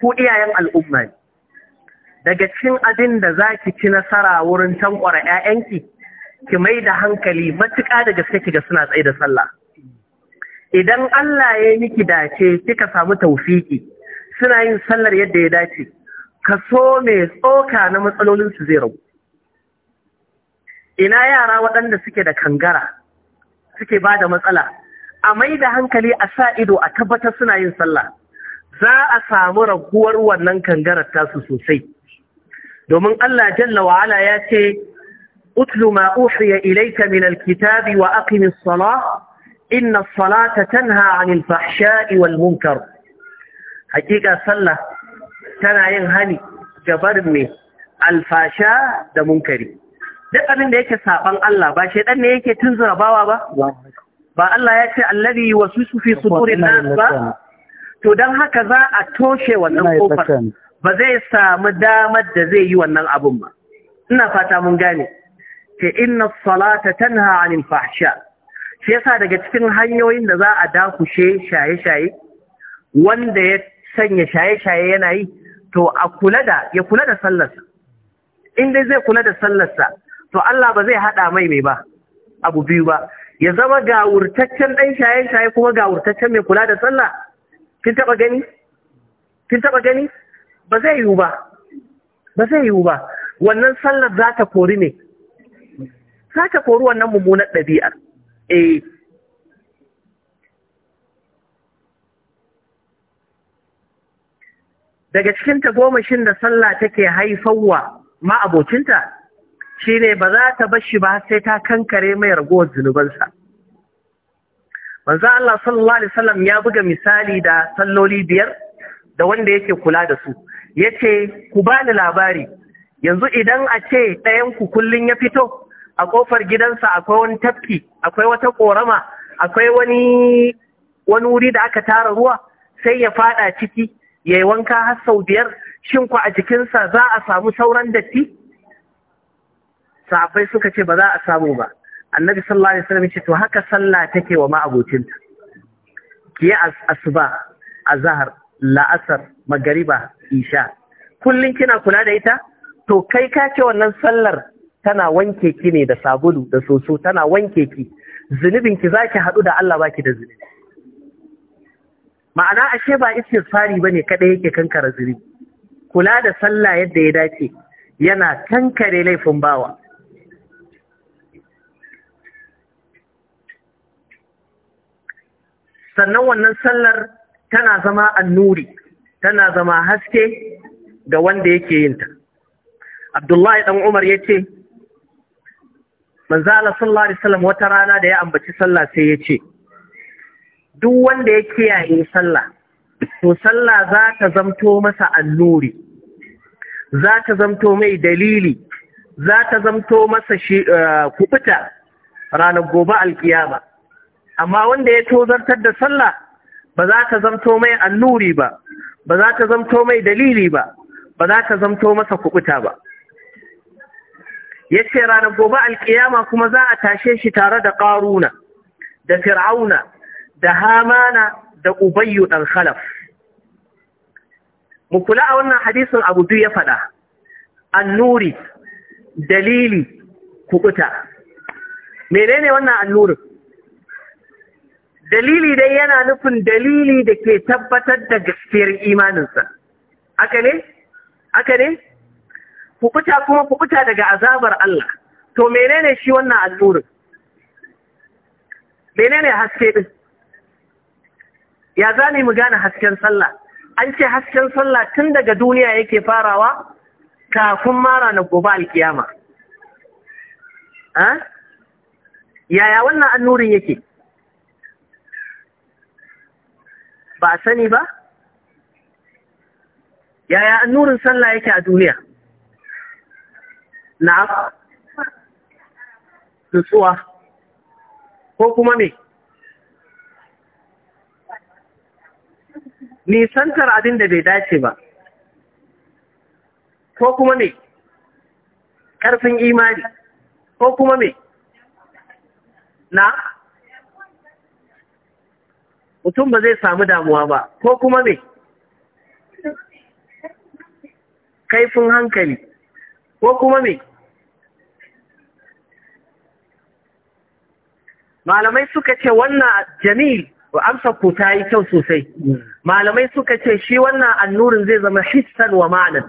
ku iyayen al'umma ne daga cikin abin da za ki ci nasara wurin tankwara ‘ya'yanki ki mai da hankali matuƙa da gaske ki ga suna tsaye da sallah idan Allah ya miki dace kika samu taufiki suna yin sallar yadda ya dace kaso mai tsoka na matsalolin su zai rabu ina yara waɗanda suke da kangara suke ba da matsala a mai da hankali a sa ido a tabbatar suna yin sallah za a samu raguwar wannan kangarar tasu sosai domin Allah jalla wa'ala ya ce Utluma ma uhiya ilayka min alkitabi wa aqimis salah inna salata tanha anil fahsha'i wal munkar hakika sallah tana yin hani ga barin mai alfasha da munkari duk abin da yake saban Allah ba shaidan ne yake tunzura bawa ba ba Allah ya ce allazi su fi sudurin nas ba to dan haka za a toshe wannan kofar ba zai samu damar da zai yi wannan abun ba ina fata mun gane ke inna salata tanha anil fahsha' shi yasa daga cikin hanyoyin da za a dakushe shaye-shaye wanda ya sanya shaye-shaye yana yi to a kula da ya kula da sallarsa in dai zai kula da sallarsa to Allah ba zai haɗa mai mai ba abu biyu ba ya zama gawurtaccen ɗan shaye-shaye kuma gawurtaccen mai kula da sallah kin taɓa gani kin taɓa gani ba zai yiwu ba ba zai yiwu ba wannan sallar za ta kori ne za ta kori wannan mummunar ɗabi'ar eh daga cikin tagomashin da sallah take haifarwa ma'abocinta ne ba za ta bashi ba sai ta kankare mai ragowar zunubansa manzo Allah sallallahu alaihi wasallam ya buga misali da salloli biyar da wanda yake kula da su ya ce ku bani labari yanzu idan a ce ɗayanku kullum ya fito a kofar gidansa akwai wani tafki akwai wata korama akwai wani wani wuri da aka tara ruwa sai ya fada ciki ya yi wanka har sau biyar shin ku a jikinsa za a samu sauran datti safai suka ce ba za a samu ba annabi sallallahu alaihi wasallam ce to haka sallah take wa ma'abocinta ki asuba azhar la'asar magariba isha kullun kina kula da ita to kai ka ce wannan sallar tana wanke ki ne da sabulu da soso tana wanke ki zunubin ki zaki haɗu da Allah baki da zunubi ma'ana ashe ba istighfari bane kada yake kankara zunubi kula da sallah yadda ya dace yana kankare laifin bawa sannan wannan sallar tana zama annuri tana zama haske ga wanda yake yinta Abdullahi ɗan Umar ya ce, manzo Allah sallallahu alaihi wasallam wata rana da ya ambaci sallah sai ya ce duk wanda ya kiyaye sallah to sallah za ta zamto masa annuri za ta zamto mai dalili za ta zamto masa shi eh, kubuta ranar gobe alkiyama amma wanda ya tozartar da sallah ba za ta zamto mai annuri ba ba za ta zamto mai dalili ba ba za ta zamto masa kubuta ba ya ce ranar gobe alkiyama kuma za a tashe shi tare da ƙaruna da fir'auna da hamana da ubayyu ɗan khalaf mu kula a wannan hadisin abu biyu ya faɗa annuri dalili kukuta menene wannan annurin dalili dai yana nufin dalili da ke tabbatar da gaskiyar imaninsa aka ne aka ne kubuta kuma kubuta daga azabar Allah to menene shi wannan allurin menene haske din ya zane mu gane hasken sallah an ce hasken sallah tun daga duniya yake farawa kafin mara na gobe alkiyama ah? yaya wannan annurin yake ba a sani ba yaya annurin sallah yake a duniya na nutsuwa ko kuma me nisantar abin da bai dace ba ko kuma me ƙarfin imani ko kuma me na mutum ba zai samu damuwa ba ko kuma me kaifin hankali ko kuma me malamai suka ce wannan jamil amsa ku ta yi kyau sosai malamai suka ce shi wannan annurin zai zama hissan wa ma'anin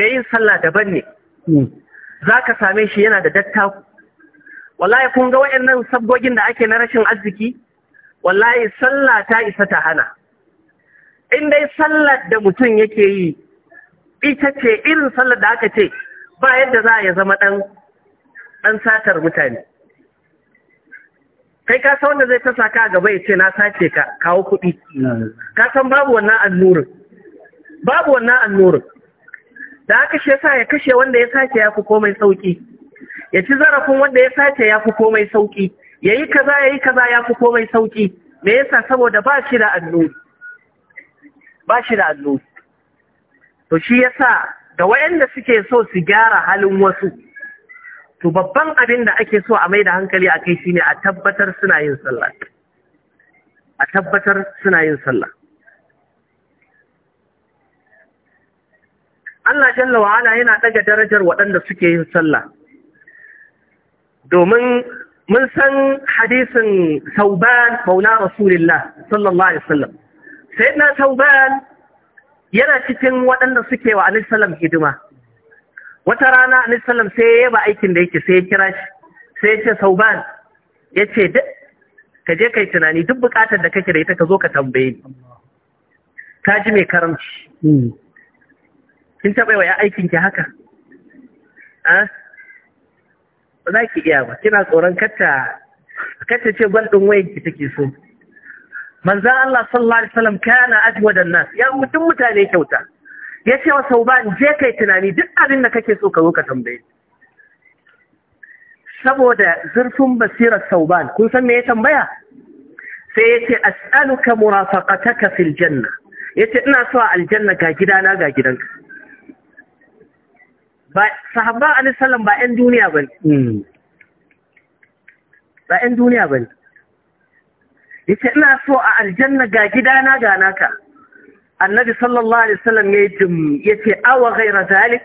mai yin sallah daban ne za ka same shi yana da dattaku wallahi kun ga waɗannan sabgogin da ake na rashin arziki wallahi sallah ta isa ta hana in dai sallar da mutum yake yi ita ce irin sallar da aka ce ba yadda za a yi zama ɗan satar mutane kai ka san wanda zai saka a gaba ya ce na sace ka kawo kuɗi ka san babu wannan annurin babu wannan annurin da aka shi sa ya kashe wanda ya sace ya fi komai sauki ya ci zarafin wanda ya sace ya fi komai sauki ya yi kaza ya yi kaza ya fi komai sauki me yasa saboda ba shi da annuri ba shi da annuri to shi yasa da waɗanda suke so su gyara halin wasu to babban abin da ake so a mai da hankali a kai shi ne a tabbatar suna yin sallah a tabbatar suna yin sallah Allah jalla wa ala yana ɗaga darajar waɗanda suke yin sallah domin mun san hadisin sauban maula Rasulullah sallallahu alaihi wasallam sayyidina sauban yana cikin waɗanda suke wa alaihi salam hidima wata rana annabi sallam sai ya yaba aikin da yake sai ya kira shi sai ya ce sauban ya ce ka je kai tunani duk bukatar da kake da ita ka zo ka tambaye ni ka ji mai karamci hmm. kin taɓa wa aikin ki haka ba za ki iya ba kina tsoron kacce kacce ce gwal din wayan ki take so manzo Allah sallallahu alaihi wasallam kana ajwada nas ya mutum mutane kyauta ya ce wa sauban je kai tunani duk abin da kake so ka zo ka tambaye saboda zurfin basirar sauban kun san me ya tambaya sai ya ce as'aluka murafaqataka fil janna yace ina so a aljanna ga gidana ga gidanka ba sahabban a sallam ba ƴan duniya bane ba ƴan hmm. duniya bane yace ina so a aljanna ga gidana ga naka annabi sallallahu alaihi wasallam ya jim yace awa ghaira zalik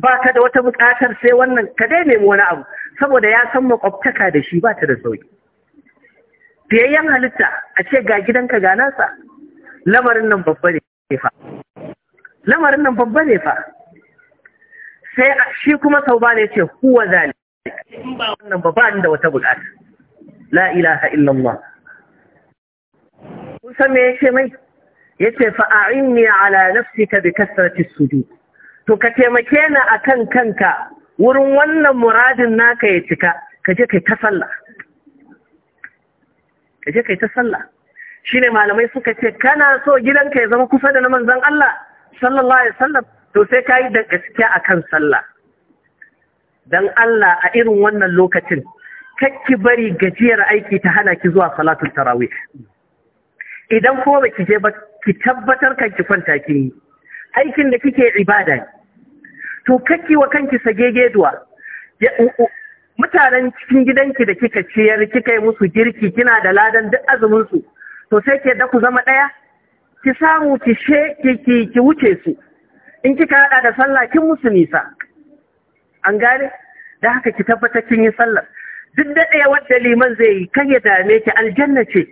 ba ka da wata bukatar sai wannan ka dai nemi wani abu saboda ya san makwabtaka da shi ba ta da sauki biyayyen halitta a ce ga gidanka ga nasa lamarin nan babba ne fa lamarin nan babba ne fa sai shi kuma sau ba ne ce huwa zalik in ba wannan ba ba ni da wata bukata la ilaha illallah kun san me yake mai yace fa a'inni ala nafsika bi kasrati sujud to ka taimake ni akan kanka wurin wannan muradin naka ya cika ka je kai ta sallah ka je kai ta sallah shine malamai suka ce kana so gidanka ya zama kusa da na manzon Allah sallallahu alaihi wasallam to sai kai da gaskiya akan sallah dan Allah a irin wannan lokacin kakki bari gajiyar aiki ta hana ki zuwa salatul tarawih idan kuma ki je ba ki tabbatar kan ki kwanta ki yi aikin da kike ibada ne to kake wa kanki sagege duwa mutanen cikin gidanki da kika ciyar kika yi musu girki kina da ladan duk azumin su to sai ke da ku zama daya ki samu ki she ki ki wuce su in kika hada da sallah kin musu nisa an gane da haka ki tabbatar kin yi sallar duk da ɗaya wadda liman zai yi kan ya dame ki aljanna ce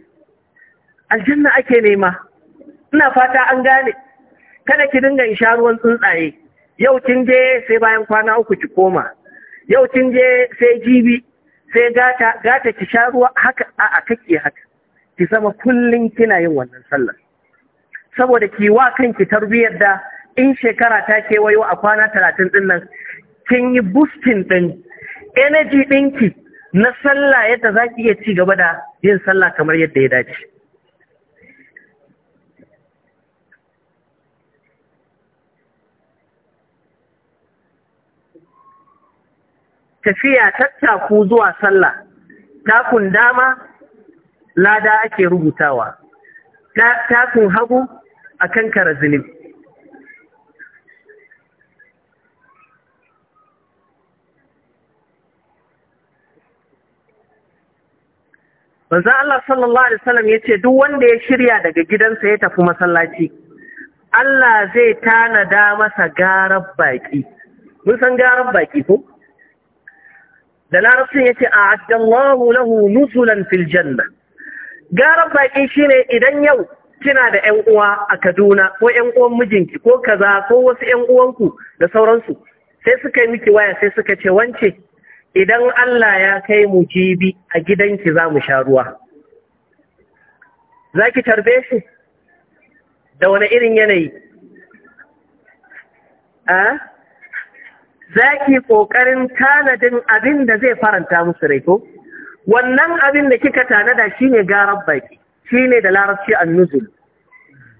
aljanna ake nema ina fata an gane kada ki dinga in sha ruwan tsuntsaye yau kin je sai bayan kwana uku ki koma yau kin je sai jibi sai gata gata ki sha ruwa haka a a kake haka ki zama kullum kina yin wannan sallar saboda ki wa kanki tarbiyyar da in shekara ta kewayo a kwana talatin din nan kin yi boosting din energy ɗinki na sallah yadda za ki iya ci gaba da yin sallah kamar yadda ya dace tafiya tattaku zuwa sallah takun dama lada ake rubutawa takun hagu a kan zunubi manzo Allah sallallahu alaihi wasallam ce duk wanda ya shirya daga gidansa ya tafi masallaci Allah zai tanada masa garar baƙi mun san garan baki ko da larabcin ya ce a addallahu lahu nusulan fil janna garan baki shine idan yau kina da 'yan uwa a Kaduna ko ƴan uwan mijinki ko kaza ko wasu ƴan uwanku da sauransu sai suka yi miki waya sai suka ce wance idan Allah ya kai mu jibi a gidanki za mu sha ruwa zaki tarbe shi da wani irin yanayi a eh? Zaki ki ƙoƙarin tanadin abin da zai faranta musu rai ko wannan abin da kika tanada shine garar baki shine da larabci annuzul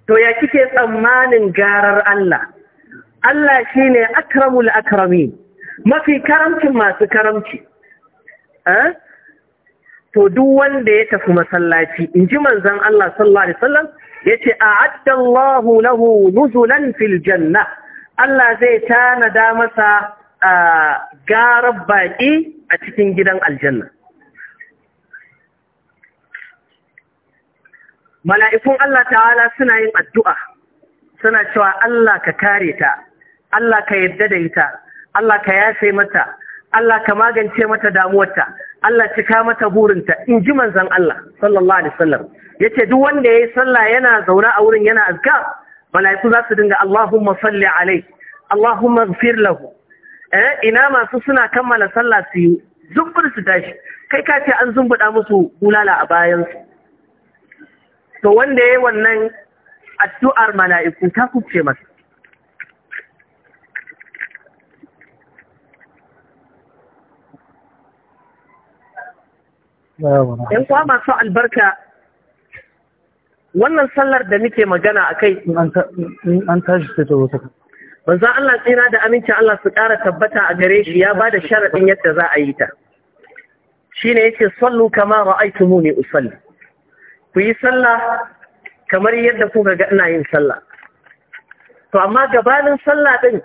to ya kike tsammanin garar Allah Allah shine akramul akramin mafi karamcin masu karamci eh? to duk wanda ya tafi masallaci in ji manzon Allah sallallahu alaihi wasallam yace a'adda Allahu lahu nuzulan fil janna Allah zai tanada masa garar baƙi a cikin gidan aljanna. Mala'ikun Allah ta'ala suna yin addu'a, suna cewa Allah ka kare ta, Allah ka yarda da ita, Allah ka yafe mata, Allah ka magance mata damuwarta, Allah cika mata burinta, in ji manzan Allah, sallallahu Alaihi wasallam. Ya ce, duk wanda ya yi sallah yana zaune a wurin yana azgar. mala'iku za su dinga Allahumma salli alai Allahumma ighfir lahu eh, ina masu suna kammala sallah su yi zumbur su tashi kai ka ce an zumbuda musu bulala a bayansu. to wanda yi wannan addu'ar mala'iku ta kuce masa ‘Yan kwa masu albarka wannan sallar da nake magana a kai an tashi sai ta manzon Allah tsira da amincin Allah su ƙara tabbata a gare shi ya bada sharaɗin yadda za a yi ta shine yace sallu kama ra'aytumuni usalli ku yi sallah kamar yadda kuka ga ina yin sallah to amma gabanin sallah din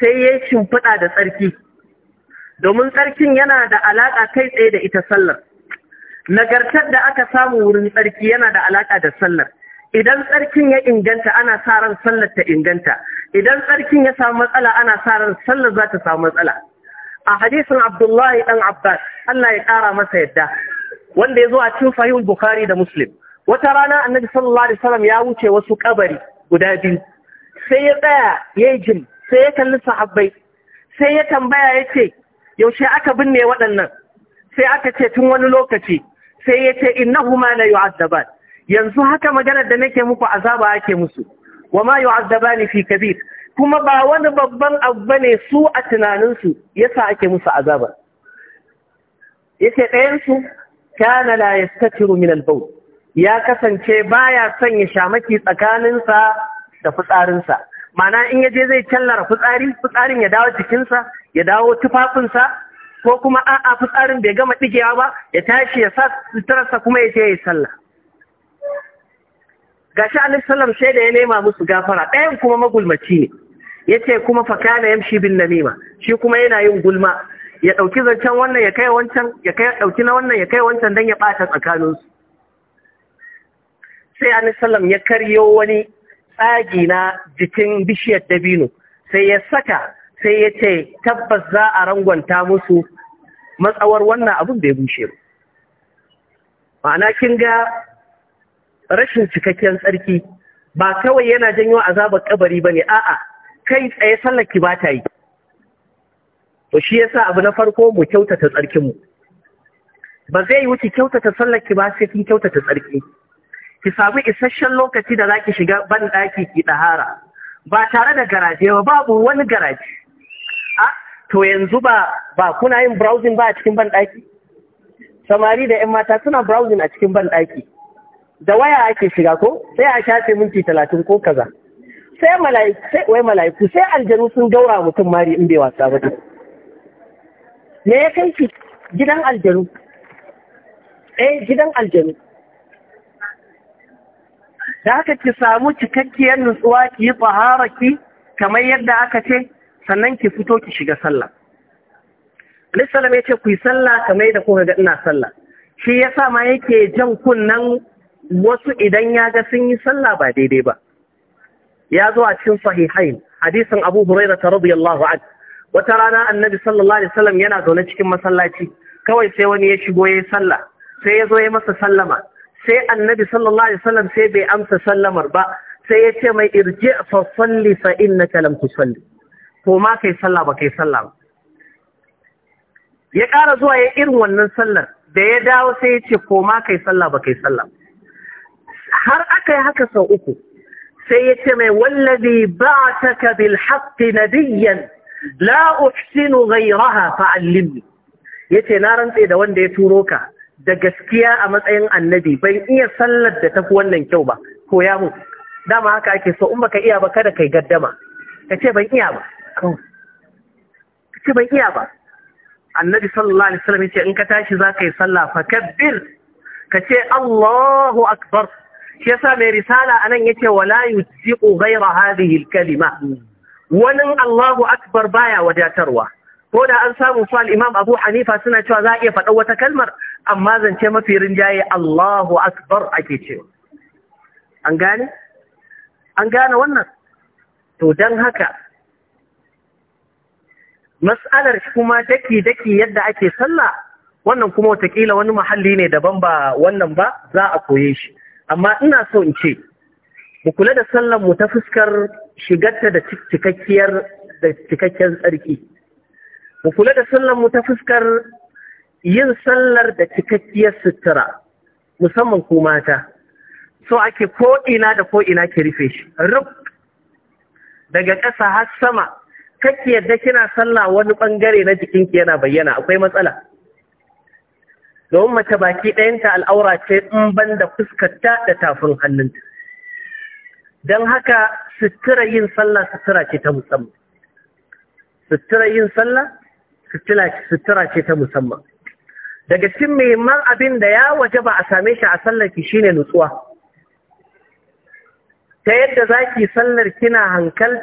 sai ya shimfiɗa da tsarki domin tsarkin yana da alaƙa kai tsaye da ita sallar nagartar da aka samu wurin tsarki yana da alaka da sallar idan tsarkin ya inganta ana sa ran sallar ta inganta idan tsarkin ya samu matsala ana sa ran sallar za ta samu matsala a hadisin abdullahi dan abbas Allah ya kara masa yadda wanda ya zo a cikin sahihul bukhari da muslim wata rana annabi sallallahu alaihi wasallam ya wuce wasu kabari guda biyu sai ya tsaya ya yi jin sai ya kalli sahabbai sai ya tambaya ya ce yaushe aka binne waɗannan sai aka ce tun wani lokaci sai ya ce na la yu'azzaban yanzu haka maganar da nake muku azaba ake musu wa ma fi kabir kuma ba wani babban abu ne su a tunaninsu yasa ake musu azaba yace ɗayan su kana la yastatiru min al-bawl ya kasance baya son ya shamaki tsakaninsa da fitsarinsa mana in yaje zai tallara fitsari fitsarin ya dawo jikinsa ya dawo tufafinsa ko kuma a'a fitsarin bai gama ɗigewa ba ya tashi ya sa suturarsa kuma ya ce ya yi sallah gashi Alif salam sai da ya nema musu gafara ɗayan kuma magulmaci ne Ya ce kuma fakana yamshi bin namima shi kuma yana yin gulma ya ɗauki zancen wannan ya kai wancan ya kai ɗauki na wannan ya kai wancan don ya ɓata tsakaninsu sai Anisalam salam ya karyo wani tsagi na jikin bishiyar dabino sai ya saka sai ya ce tabbas za a rangwanta musu matsawar wannan abin bai bushe ba ma'ana kin ga rashin cikakken tsarki ba kawai yana janyo azabar kabari ba ne. a'a kai tsaye sallar ba ta yi to shi yasa abu na farko mu kyautata tsarkinmu? ba zai yi wuce kyautata sallar ki ba sai kin kyautata tsarki ki samu isasshen lokaci da za ki shiga ban ɗaki ki ɗahara. ba tare da garaje ba babu wani garaje to yanzu ba ba kuna yin browsing ba a cikin banɗaki samari da 'yan mata suna browsing a cikin banɗaki da waya ake shiga ko sai a shafe minti talatin ko kaza sai mala'iku sai wai mala'iku sai aljanu sun gaura mutum mari in bai wasa ba me ya kai ki gidan aljanu eh gidan aljanu da haka ki samu cikakkiyar nutsuwa ki yi tsaharaki kamar yadda aka ce sannan ki fito ki shiga sallah Alaihi salam ya ce ku yi sallah kamar da kuka ga ina sallah shi yasa ma yake jan kunnan wasu idan ya ga sun yi sallah ba daidai ba ya zo a cikin sahihain hadisin Abu Hurairah radiyallahu anhu wata rana Annabi sallallahu alaihi wasallam yana zaune cikin masallaci kawai sai wani ya shigo yi sallah sai ya zo ya masa sallama sai Annabi sallallahu alaihi wasallam sai bai amsa sallamar ba sai ya ce mai irji fa salli fa innaka lam tusalli ko ma kai sallah ba kai sallah ba ya ƙara zuwa ya irin wannan sallar da ya dawo sai ya ce ko ma kai sallah ba kai sallah har aka yi haka sau uku sai ya ce mai wallazi ba'ataka bil haqqi nabiyyan la uhsinu ghayraha fa'allimni yace na rantse da wanda ya turo ka da gaskiya a matsayin annabi ban iya sallar da tafi wannan kyau ba koya mu dama haka ake so in baka iya ba kada kai gaddama kace ban iya ba kawai ce ban iya ba annabi sallallahu alaihi wasallam yace in ka tashi za ka yi sallah fa kabbir ka ce Allahu akbar shi yasa mai risala anan yace wala yusiqu ghayra hadhihi al-kalima wani Allahu akbar baya wadatarwa ko da an samu su al-imam Abu Hanifa suna cewa za a iya faɗa wata kalmar amma zance mafi rinjaye Allahu akbar ake cewa an gane an gane wannan to dan haka mas'alar kuma daki-daki yadda ake sallah wannan kuma watakila wani muhalli ne daban ba wannan ba za a koye shi amma ina so in ce mu kula da sallar mu ta fuskar shigarta da cikakkiyar da cikakken tsarki mu kula da sallar mu ta fuskar yin sallar da cikakkiyar sutura musamman ku mata so ake ko ina da ko ina ki rufe shi rub daga ƙasa har sama kake yadda kina sallah wani bangare na jikinki yana bayyana akwai matsala domin mace baki ɗayanta al'aura ce in ban da fuskarta da tafin hannunta don haka sutura yin sallah sutura ce ta musamman sutura yin sallah sutura ce ta musamman daga cikin muhimman abin da ya waje ba a same shi a sallar sallarki shine nutsuwa ta yadda zaki ki sallar kina hankal